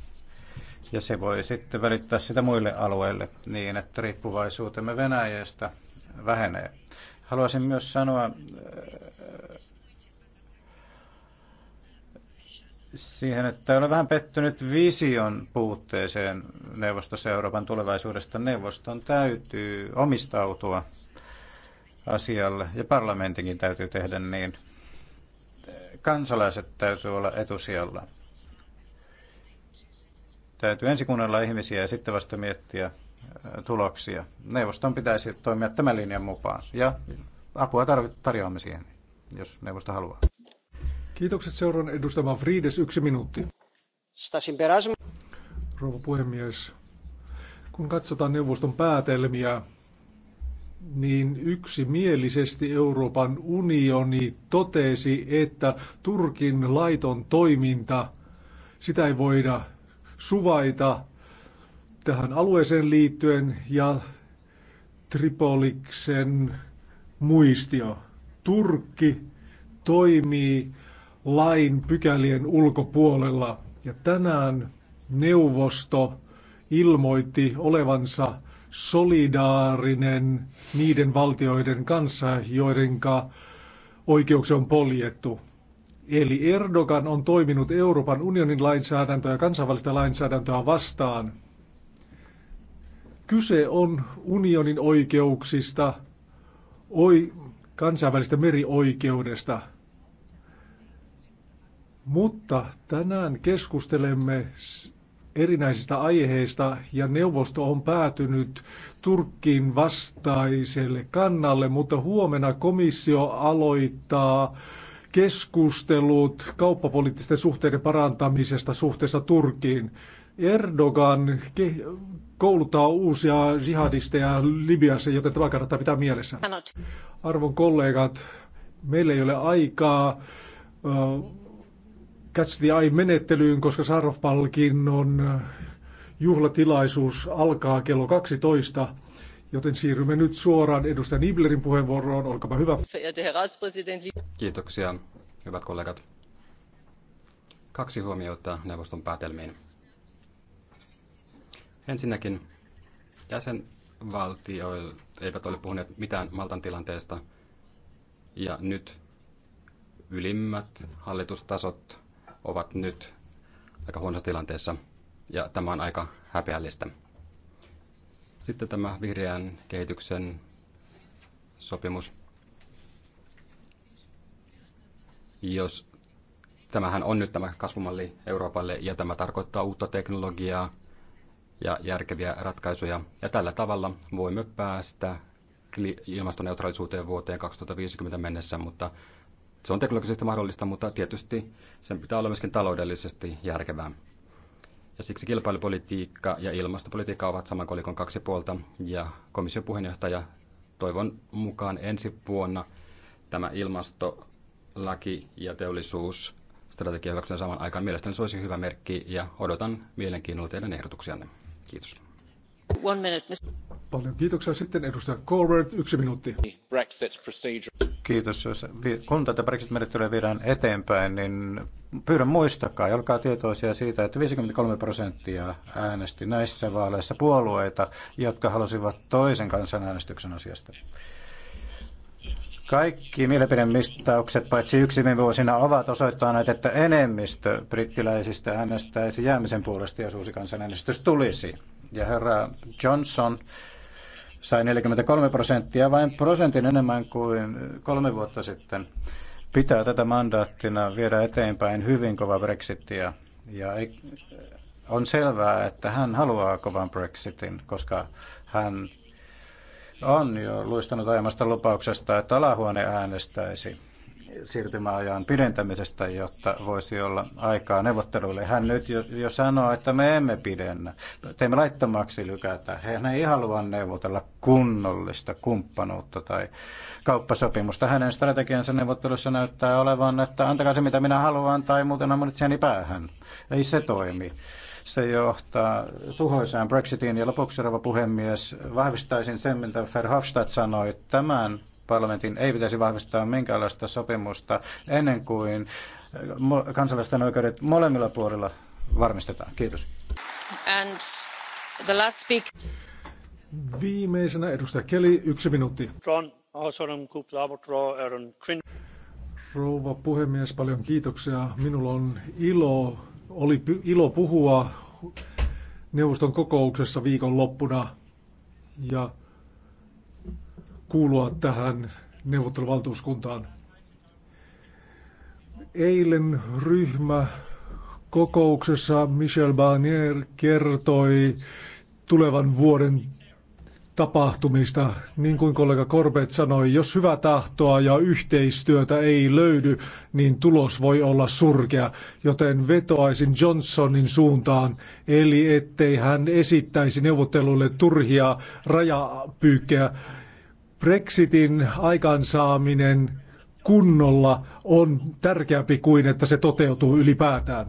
Ja se voi sitten välittää sitä muille alueille niin, että riippuvaisuutemme Venäjästä vähenee. Haluaisin myös sanoa äh, siihen, että olen vähän pettynyt vision puutteeseen neuvostossa Euroopan tulevaisuudesta. Neuvoston täytyy omistautua asialle ja parlamentinkin täytyy tehdä niin kansalaiset täytyy olla etusijalla. Täytyy ensin kuunnella ihmisiä ja sitten vasta miettiä tuloksia. Neuvoston pitäisi toimia tämän linjan mukaan ja apua tarjoamme siihen, jos neuvosto haluaa. Kiitokset seuran edustama Friides, yksi minuutti. Rouva puhemies, kun katsotaan neuvoston päätelmiä, niin yksimielisesti Euroopan unioni totesi, että Turkin laiton toiminta, sitä ei voida suvaita tähän alueeseen liittyen ja Tripoliksen muistio. Turkki toimii lain pykälien ulkopuolella ja tänään neuvosto ilmoitti olevansa solidaarinen niiden valtioiden kanssa, joidenka oikeuksia on poljettu. Eli Erdogan on toiminut Euroopan unionin lainsäädäntöä ja kansainvälistä lainsäädäntöä vastaan. Kyse on unionin oikeuksista, oi, kansainvälistä merioikeudesta. Mutta tänään keskustelemme erinäisistä aiheista ja neuvosto on päätynyt Turkkiin vastaiselle kannalle, mutta huomenna komissio aloittaa keskustelut kauppapoliittisten suhteiden parantamisesta suhteessa Turkkiin Erdogan kouluttaa uusia jihadisteja Libyassa, joten tämä kannattaa pitää mielessä. Arvon kollegat, meillä ei ole aikaa Catch the Eye-menettelyyn, koska sarov on äh, juhlatilaisuus alkaa kello 12. Joten siirrymme nyt suoraan edustaja Niblerin puheenvuoroon. Olkaapa hyvä. Kiitoksia, hyvät kollegat. Kaksi huomiota neuvoston päätelmiin. Ensinnäkin jäsenvaltiot eivät ole puhuneet mitään Maltan tilanteesta, ja nyt ylimmät hallitustasot ovat nyt aika huonossa tilanteessa ja tämä on aika häpeällistä. Sitten tämä vihreän kehityksen sopimus. Jos tämähän on nyt tämä kasvumalli Euroopalle ja tämä tarkoittaa uutta teknologiaa ja järkeviä ratkaisuja. Ja tällä tavalla voimme päästä ilmastoneutraalisuuteen vuoteen 2050 mennessä, mutta se on teknologisesti mahdollista, mutta tietysti sen pitää olla myöskin taloudellisesti järkevää. Ja siksi kilpailupolitiikka ja ilmastopolitiikka ovat saman kolikon kaksi puolta. Ja komission puheenjohtaja toivon mukaan ensi vuonna tämä ilmastolaki ja teollisuus strategia hyväksytään saman aikaan. Mielestäni se olisi hyvä merkki ja odotan mielenkiinnolla teidän ehdotuksianne. Kiitos. Paljon kiitoksia. Sitten edustaja Colbert, yksi minuutti. Kiitos. Jos kun tätä Brexit-menettelyä viedään eteenpäin, niin pyydän muistakaa ja olkaa tietoisia siitä, että 53 prosenttia äänesti näissä vaaleissa puolueita, jotka halusivat toisen kansanäänestyksen asiasta. Kaikki mielipidemistaukset, paitsi yksi viime vuosina, ovat osoittaneet, että enemmistö brittiläisistä äänestäisi jäämisen puolesta, ja suusi kansanäänestys tulisi ja herra Johnson sai 43 prosenttia, vain prosentin enemmän kuin kolme vuotta sitten. Pitää tätä mandaattina viedä eteenpäin hyvin kova Brexitia ja on selvää, että hän haluaa kovan Brexitin, koska hän on jo luistanut aiemmasta lupauksesta, että alahuone äänestäisi siirtymäajan pidentämisestä, jotta voisi olla aikaa neuvotteluille. Hän nyt jo, jo sanoo, että me emme pidennä. Teemme laittomaksi lykätä. Hän ei halua neuvotella kunnollista kumppanuutta tai kauppasopimusta. Hänen strategiansa neuvottelussa näyttää olevan, että antakaa se mitä minä haluan tai muuten ammunitseni päähän. Ei se toimi. Se johtaa tuhoisaan Brexitiin. Ja lopuksi, rouva puhemies, vahvistaisin sen, mitä Verhofstadt sanoi. Tämän parlamentin ei pitäisi vahvistaa minkäänlaista sopimusta ennen kuin kansalaisten oikeudet molemmilla puolilla varmistetaan. Kiitos. And the last speak. Viimeisenä edustaja Keli, yksi minuutti. Rouva puhemies, paljon kiitoksia. Minulla on ilo oli ilo puhua neuvoston kokouksessa viikonloppuna ja kuulua tähän neuvotteluvaltuuskuntaan. Eilen ryhmä kokouksessa Michel Barnier kertoi tulevan vuoden tapahtumista. Niin kuin kollega Korbet sanoi, jos hyvää tahtoa ja yhteistyötä ei löydy, niin tulos voi olla surkea. Joten vetoaisin Johnsonin suuntaan, eli ettei hän esittäisi neuvotteluille turhia rajapyykkejä. Brexitin aikansaaminen kunnolla on tärkeämpi kuin, että se toteutuu ylipäätään.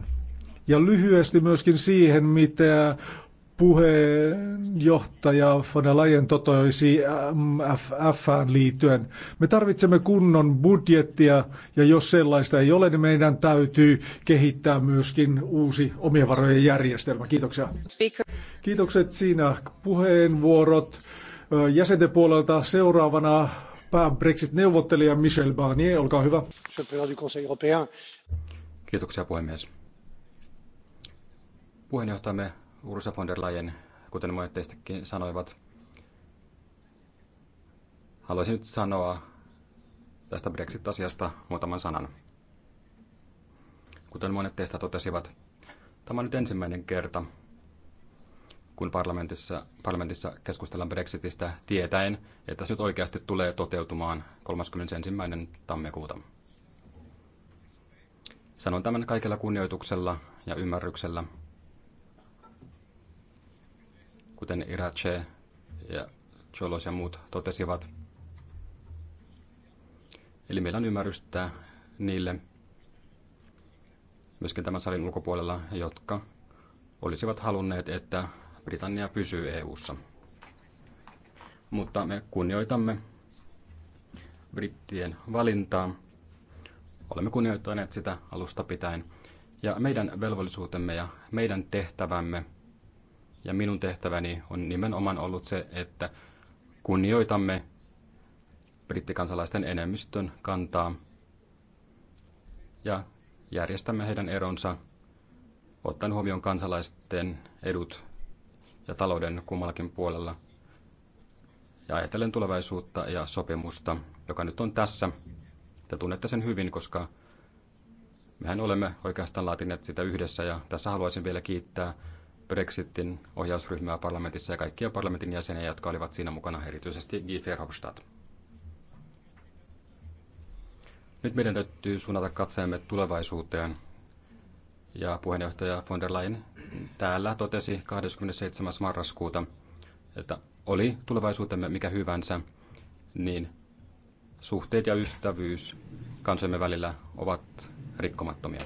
Ja lyhyesti myöskin siihen, mitä puheenjohtaja von der Leyen totoisi MFFään liittyen. Me tarvitsemme kunnon budjettia ja jos sellaista ei ole, niin meidän täytyy kehittää myöskin uusi omien varojen järjestelmä. Kiitoksia. Kiitokset siinä puheenvuorot. Jäsenten puolelta seuraavana pää-Brexit-neuvottelija Michel Barnier, olkaa hyvä. Kiitoksia puhemies. Puheenjohtajamme Ursa von der Leyen, kuten monet teistäkin sanoivat, haluaisin nyt sanoa tästä Brexit-asiasta muutaman sanan. Kuten monet teistä totesivat, tämä on nyt ensimmäinen kerta, kun parlamentissa, parlamentissa keskustellaan Brexitistä tietäen, että se nyt oikeasti tulee toteutumaan 31. tammikuuta. Sanon tämän kaikella kunnioituksella ja ymmärryksellä, kuten Irache ja Cholos ja muut totesivat. Eli meillä on ymmärrystä niille myöskin tämän salin ulkopuolella, jotka olisivat halunneet, että Britannia pysyy EU:ssa. Mutta me kunnioitamme brittien valintaa. Olemme kunnioittaneet sitä alusta pitäen. Ja meidän velvollisuutemme ja meidän tehtävämme – ja minun tehtäväni on nimenomaan ollut se, että kunnioitamme brittikansalaisten enemmistön kantaa ja järjestämme heidän eronsa ottaen huomioon kansalaisten edut ja talouden kummallakin puolella ja ajatellen tulevaisuutta ja sopimusta, joka nyt on tässä. Te tunnette sen hyvin, koska mehän olemme oikeastaan laatineet sitä yhdessä ja tässä haluaisin vielä kiittää Brexitin ohjausryhmää parlamentissa ja kaikkia parlamentin jäseniä, jotka olivat siinä mukana, erityisesti Guy Verhofstadt. Nyt meidän täytyy suunnata katseemme tulevaisuuteen. Ja puheenjohtaja von der Leyen täällä totesi 27. marraskuuta, että oli tulevaisuutemme mikä hyvänsä, niin suhteet ja ystävyys kansojemme välillä ovat rikkomattomia.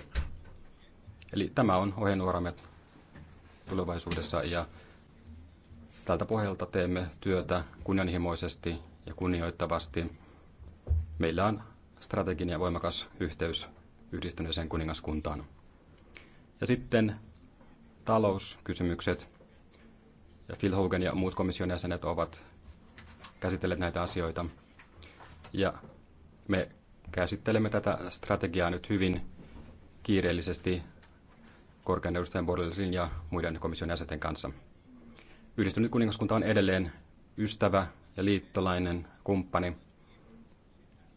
Eli tämä on ohjenuoramme tulevaisuudessa ja tältä pohjalta teemme työtä kunnianhimoisesti ja kunnioittavasti. Meillä on strateginen ja voimakas yhteys yhdistyneeseen kuningaskuntaan. Ja sitten talouskysymykset. Ja Phil Hogan ja muut komission jäsenet ovat käsitelleet näitä asioita. Ja me käsittelemme tätä strategiaa nyt hyvin kiireellisesti korkean edustajan Borrellin ja muiden komission jäsenten kanssa. Yhdistynyt kuningaskunta on edelleen ystävä ja liittolainen kumppani.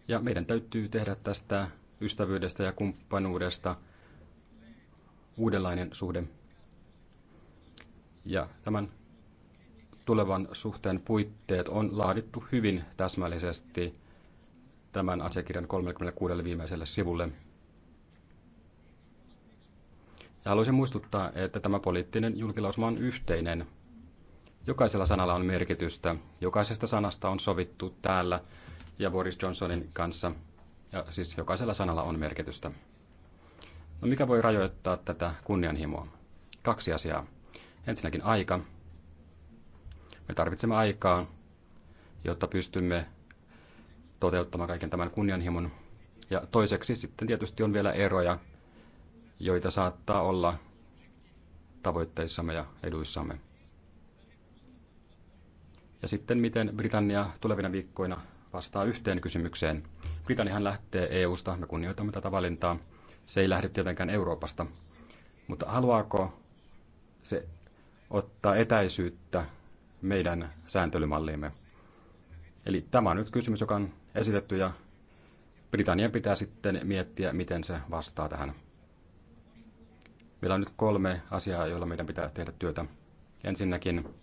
Ja meidän täytyy tehdä tästä ystävyydestä ja kumppanuudesta uudenlainen suhde. Ja tämän tulevan suhteen puitteet on laadittu hyvin täsmällisesti tämän asiakirjan 36 viimeiselle sivulle. Ja haluaisin muistuttaa, että tämä poliittinen julkilausuma on yhteinen. Jokaisella sanalla on merkitystä. Jokaisesta sanasta on sovittu täällä ja Boris Johnsonin kanssa. Ja siis jokaisella sanalla on merkitystä. No mikä voi rajoittaa tätä kunnianhimoa? Kaksi asiaa. Ensinnäkin aika. Me tarvitsemme aikaa, jotta pystymme toteuttamaan kaiken tämän kunnianhimon. Ja toiseksi sitten tietysti on vielä eroja joita saattaa olla tavoitteissamme ja eduissamme. Ja sitten miten Britannia tulevina viikkoina vastaa yhteen kysymykseen. Britanniahan lähtee EUsta, me kunnioitamme tätä valintaa. Se ei lähde tietenkään Euroopasta. Mutta haluaako se ottaa etäisyyttä meidän sääntelymalliimme? Eli tämä on nyt kysymys, joka on esitetty ja Britannian pitää sitten miettiä, miten se vastaa tähän. Meillä on nyt kolme asiaa, joilla meidän pitää tehdä työtä. Ensinnäkin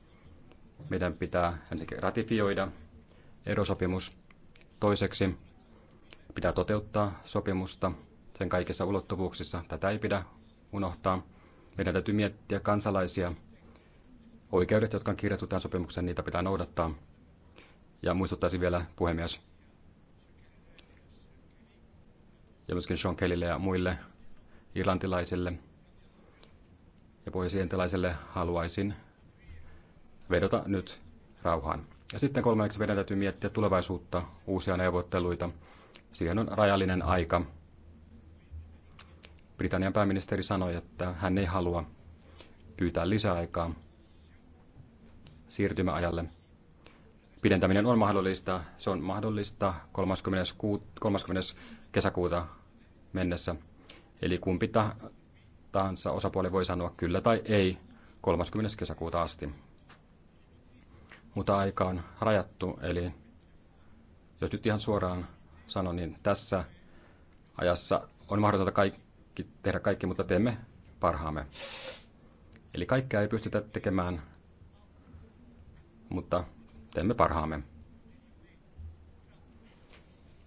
meidän pitää ensinnäkin ratifioida erosopimus. Toiseksi pitää toteuttaa sopimusta sen kaikissa ulottuvuuksissa. Tätä ei pidä unohtaa. Meidän täytyy miettiä kansalaisia. Oikeudet, jotka on kirjattu tämän sopimukseen, niitä pitää noudattaa. Ja muistuttaisin vielä puhemies ja myöskin Sean Kellylle ja muille irlantilaisille – ja pohjoisientilaiselle haluaisin vedota nyt rauhaan. Ja sitten kolmanneksi meidän täytyy miettiä tulevaisuutta, uusia neuvotteluita. Siihen on rajallinen aika. Britannian pääministeri sanoi, että hän ei halua pyytää lisäaikaa siirtymäajalle. Pidentäminen on mahdollista. Se on mahdollista 30. kesäkuuta mennessä. Eli kumpi tahansa osapuoli voi sanoa kyllä tai ei 30. kesäkuuta asti. Mutta aika on rajattu, eli jos nyt ihan suoraan sanon, niin tässä ajassa on mahdotonta kaikki, tehdä kaikki, mutta teemme parhaamme. Eli kaikkea ei pystytä tekemään, mutta teemme parhaamme.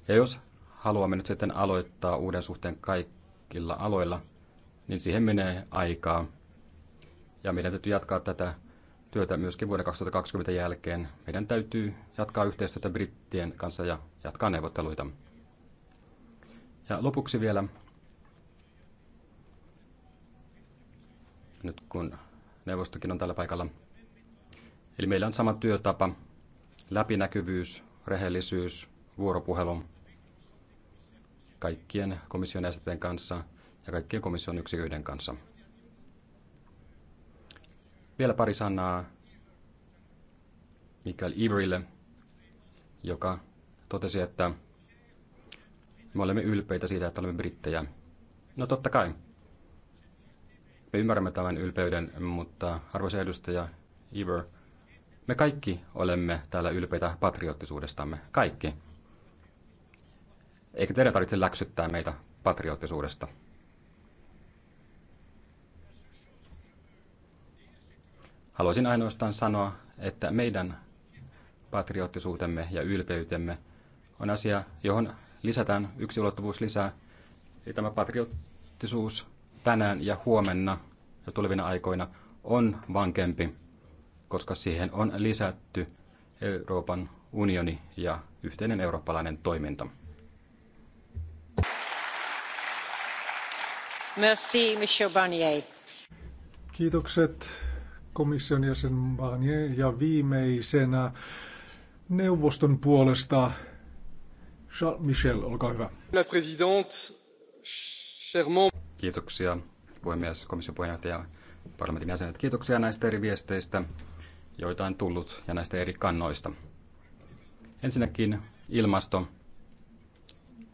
Ja jos haluamme nyt sitten aloittaa uuden suhteen kaikilla aloilla – niin siihen menee aikaa. Ja meidän täytyy jatkaa tätä työtä myöskin vuoden 2020 jälkeen. Meidän täytyy jatkaa yhteistyötä brittien kanssa ja jatkaa neuvotteluita. Ja lopuksi vielä, nyt kun neuvostokin on tällä paikalla, eli meillä on sama työtapa, läpinäkyvyys, rehellisyys, vuoropuhelu kaikkien komission jäsenten kanssa – ja kaikkien komission yksiköiden kanssa. Vielä pari sanaa Mikael Iverille, joka totesi, että me olemme ylpeitä siitä, että olemme brittejä. No totta kai. Me ymmärrämme tämän ylpeyden, mutta arvoisa edustaja Iver, me kaikki olemme täällä ylpeitä patriottisuudestamme. Kaikki. Eikä teidän tarvitse läksyttää meitä patriottisuudesta. Haluaisin ainoastaan sanoa, että meidän patriottisuutemme ja ylpeytemme on asia, johon lisätään yksi ulottuvuus lisää. Eli tämä patriottisuus tänään ja huomenna ja tulevina aikoina on vankempi, koska siihen on lisätty Euroopan unioni ja yhteinen eurooppalainen toiminta. Merci, Monsieur Barnier. Kiitokset komission jäsen Barnier ja viimeisenä neuvoston puolesta Charles Michel, olkaa hyvä. La présidente, Kiitoksia puhemies, komission puheenjohtaja ja parlamentin jäsenet. Kiitoksia näistä eri viesteistä, joita on tullut ja näistä eri kannoista. Ensinnäkin ilmasto.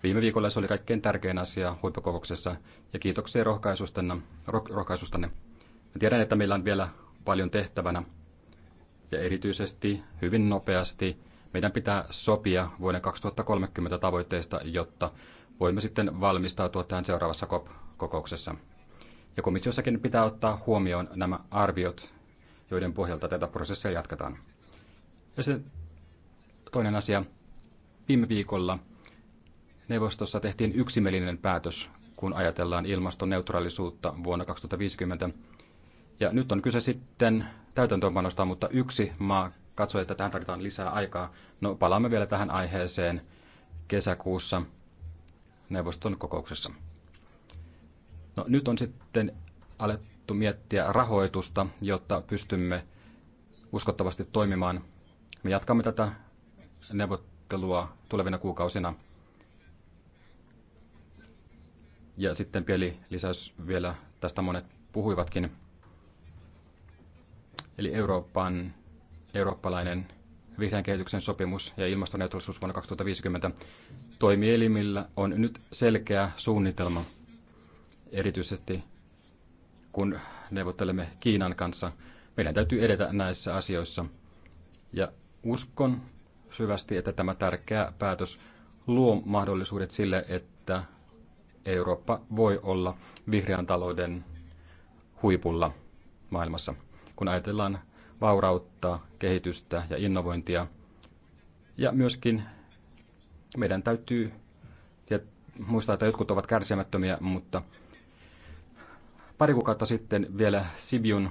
Viime viikolla se oli kaikkein tärkein asia huippukokouksessa ja kiitoksia rohkaisustanne. rohkaisustanne. Mä tiedän, että meillä on vielä paljon tehtävänä ja erityisesti hyvin nopeasti meidän pitää sopia vuoden 2030 tavoitteista, jotta voimme sitten valmistautua tähän seuraavassa COP-kokouksessa. Ja komissiossakin pitää ottaa huomioon nämä arviot, joiden pohjalta tätä prosessia jatketaan. Ja se toinen asia. Viime viikolla neuvostossa tehtiin yksimielinen päätös, kun ajatellaan ilmastoneutraalisuutta vuonna 2050 ja nyt on kyse sitten täytäntöönpanosta, mutta yksi maa katsoi, että tähän tarvitaan lisää aikaa. No palaamme vielä tähän aiheeseen kesäkuussa neuvoston kokouksessa. No, nyt on sitten alettu miettiä rahoitusta, jotta pystymme uskottavasti toimimaan. Me jatkamme tätä neuvottelua tulevina kuukausina. Ja sitten pieni lisäys vielä, tästä monet puhuivatkin eli Euroopan, eurooppalainen vihreän kehityksen sopimus ja ilmastoneutraalisuus vuonna 2050. Toimielimillä on nyt selkeä suunnitelma, erityisesti kun neuvottelemme Kiinan kanssa. Meidän täytyy edetä näissä asioissa. Ja uskon syvästi, että tämä tärkeä päätös luo mahdollisuudet sille, että Eurooppa voi olla vihreän talouden huipulla maailmassa kun ajatellaan vaurautta, kehitystä ja innovointia. Ja myöskin meidän täytyy muistaa, että jotkut ovat kärsimättömiä, mutta pari kuukautta sitten vielä Sibiun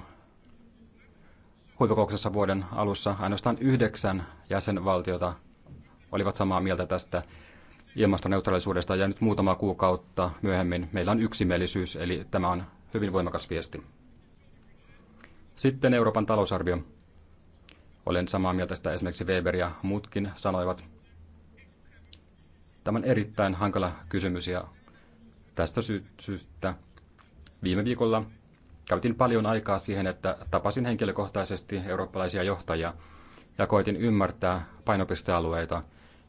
huippukouksessa vuoden alussa ainoastaan yhdeksän jäsenvaltiota olivat samaa mieltä tästä ilmastoneutraalisuudesta ja nyt muutama kuukautta myöhemmin meillä on yksimielisyys, eli tämä on hyvin voimakas viesti. Sitten Euroopan talousarvio. Olen samaa mieltä sitä esimerkiksi Weber ja muutkin sanoivat. Tämä on erittäin hankala kysymys ja tästä sy- syystä viime viikolla käytin paljon aikaa siihen, että tapasin henkilökohtaisesti eurooppalaisia johtajia ja koitin ymmärtää painopistealueita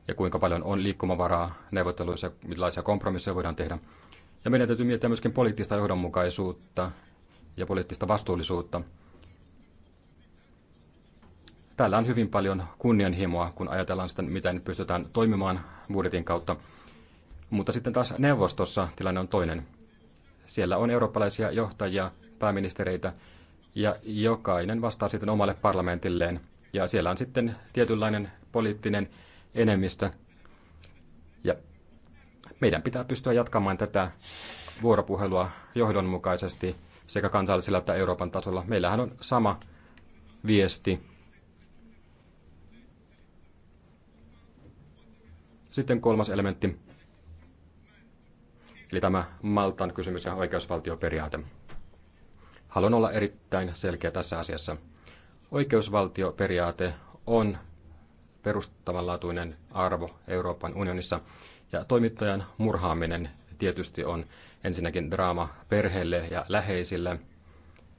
ja kuinka paljon on liikkumavaraa neuvotteluissa, millaisia kompromisseja voidaan tehdä. Ja meidän täytyy miettiä myöskin poliittista johdonmukaisuutta ja poliittista vastuullisuutta. Täällä on hyvin paljon kunnianhimoa, kun ajatellaan sitä, miten pystytään toimimaan budjetin kautta. Mutta sitten taas neuvostossa tilanne on toinen. Siellä on eurooppalaisia johtajia, pääministereitä, ja jokainen vastaa sitten omalle parlamentilleen. Ja siellä on sitten tietynlainen poliittinen enemmistö. Ja meidän pitää pystyä jatkamaan tätä vuoropuhelua johdonmukaisesti sekä kansallisella että Euroopan tasolla. Meillähän on sama viesti Sitten kolmas elementti, eli tämä Maltan kysymys ja oikeusvaltioperiaate. Haluan olla erittäin selkeä tässä asiassa. Oikeusvaltioperiaate on perustavanlaatuinen arvo Euroopan unionissa, ja toimittajan murhaaminen tietysti on ensinnäkin draama perheelle ja läheisille,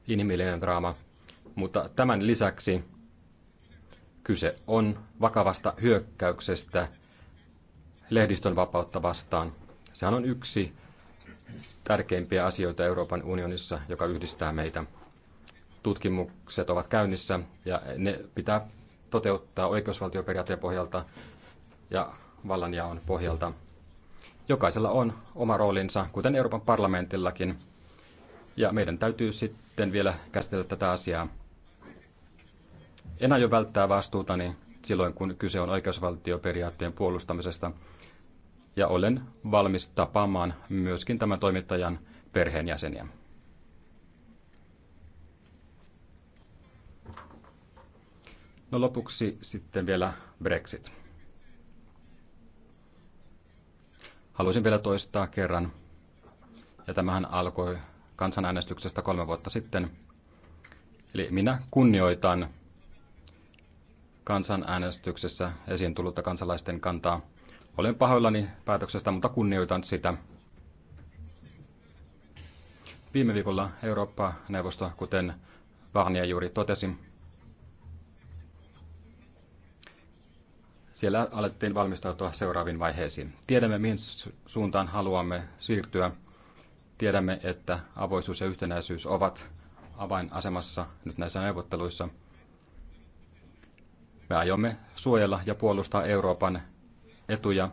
inhimillinen draama, mutta tämän lisäksi kyse on vakavasta hyökkäyksestä lehdistön vapautta vastaan. Sehän on yksi tärkeimpiä asioita Euroopan unionissa, joka yhdistää meitä. Tutkimukset ovat käynnissä ja ne pitää toteuttaa oikeusvaltioperiaatteen pohjalta ja vallanjaon pohjalta. Jokaisella on oma roolinsa, kuten Euroopan parlamentillakin. Ja meidän täytyy sitten vielä käsitellä tätä asiaa. En aio välttää vastuutani silloin, kun kyse on oikeusvaltioperiaatteen puolustamisesta. Ja olen valmis tapaamaan myöskin tämän toimittajan perheenjäseniä. No lopuksi sitten vielä Brexit. Haluaisin vielä toistaa kerran, ja tämähän alkoi kansanäänestyksestä kolme vuotta sitten. Eli minä kunnioitan kansanäänestyksessä esiin tullutta kansalaisten kantaa. Olen pahoillani päätöksestä, mutta kunnioitan sitä. Viime viikolla Eurooppa-neuvosto, kuten Varnia juuri totesi, siellä alettiin valmistautua seuraaviin vaiheisiin. Tiedämme, mihin suuntaan haluamme siirtyä. Tiedämme, että avoisuus ja yhtenäisyys ovat avainasemassa nyt näissä neuvotteluissa – me aiomme suojella ja puolustaa Euroopan etuja.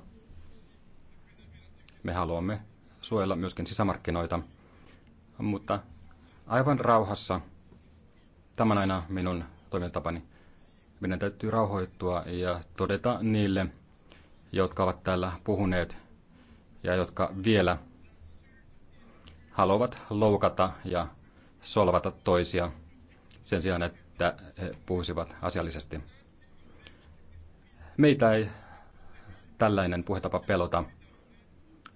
Me haluamme suojella myöskin sisämarkkinoita, mutta aivan rauhassa. Tämä on aina minun toimintapani Meidän täytyy rauhoittua ja todeta niille, jotka ovat täällä puhuneet ja jotka vielä haluavat loukata ja solvata toisia sen sijaan, että he puhuisivat asiallisesti. Meitä ei tällainen puhetapa pelota.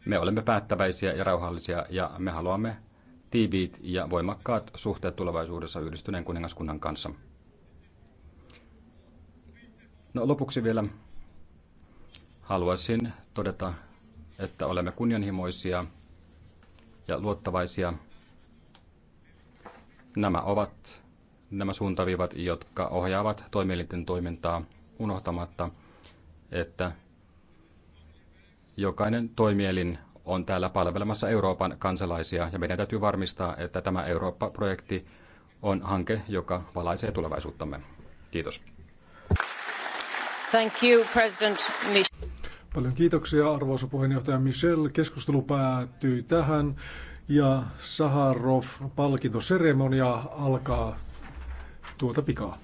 Me olemme päättäväisiä ja rauhallisia ja me haluamme tiiviit ja voimakkaat suhteet tulevaisuudessa yhdistyneen kuningaskunnan kanssa. No lopuksi vielä haluaisin todeta, että olemme kunnianhimoisia ja luottavaisia. Nämä ovat nämä suuntaviivat, jotka ohjaavat toimielinten toimintaa unohtamatta – että jokainen toimielin on täällä palvelemassa Euroopan kansalaisia ja meidän täytyy varmistaa, että tämä Eurooppa-projekti on hanke, joka valaisee tulevaisuuttamme. Kiitos. Thank you, President Paljon kiitoksia arvoisa puheenjohtaja Michel. Keskustelu päättyy tähän ja Saharov-palkintoseremonia alkaa tuota pikaa.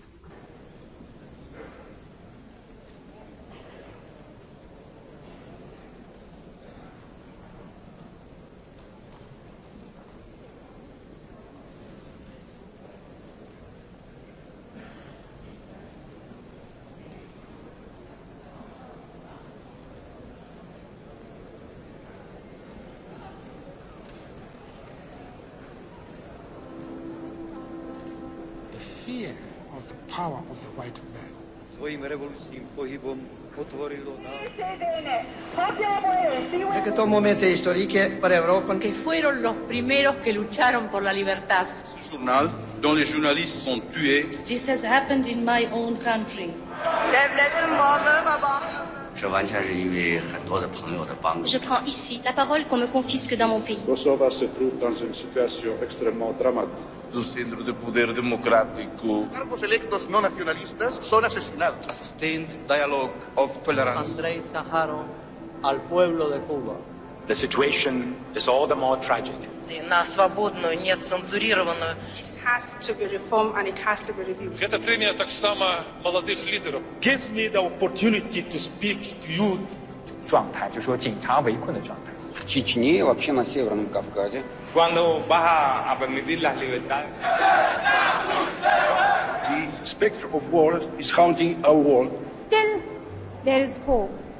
Antecedentes e historiques para Europa. Que fueron los primeros que lucharon por la libertad. Ce journal, dont les journalistes sont tués. This has happened in my own country. Je prends ici la parole qu'on me confisque dans mon pays. Kosovo se trouve dans une situation extrêmement dramatique. do centro de poder democrático. Cargos electos no nacionalistas son asesinados. A sustained dialogue of tolerance. Andrei Saharo al pueblo de Cuba. The situation is all the more tragic. На свободную, не цензурированную. It has to be reformed and it has to be reviewed. Эта премия так само молодых лидеров. Gives me the opportunity to speak to you. 状态就是说警察围困的状态。Чечне вообще на Северном Кавказе. Cuando vas a permitir las libertades. The specter of war is haunting our world. Still, there is hope.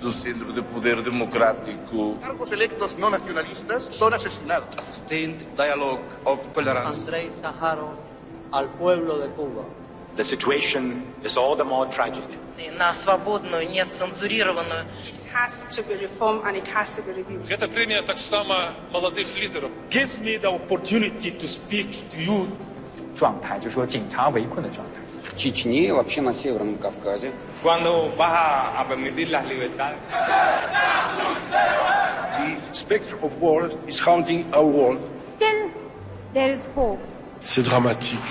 do Centro de Poder Democrático. Cargos electos não nacionalistas são assassinados. A sustained dialogue of tolerance. Andrei Saharov ao povo de Cuba. The situation is all the more tragic. На свободную, не цензурированную. It has to be reformed and it has to be reviewed. Гэта премия так само молодых лидеров. Gives me the opportunity to speak to you. 状态，就说警察围困的状态。Чечне, вообще на Северном Кавказе. of is haunting our world. Still, there is hope. C'est dramatique.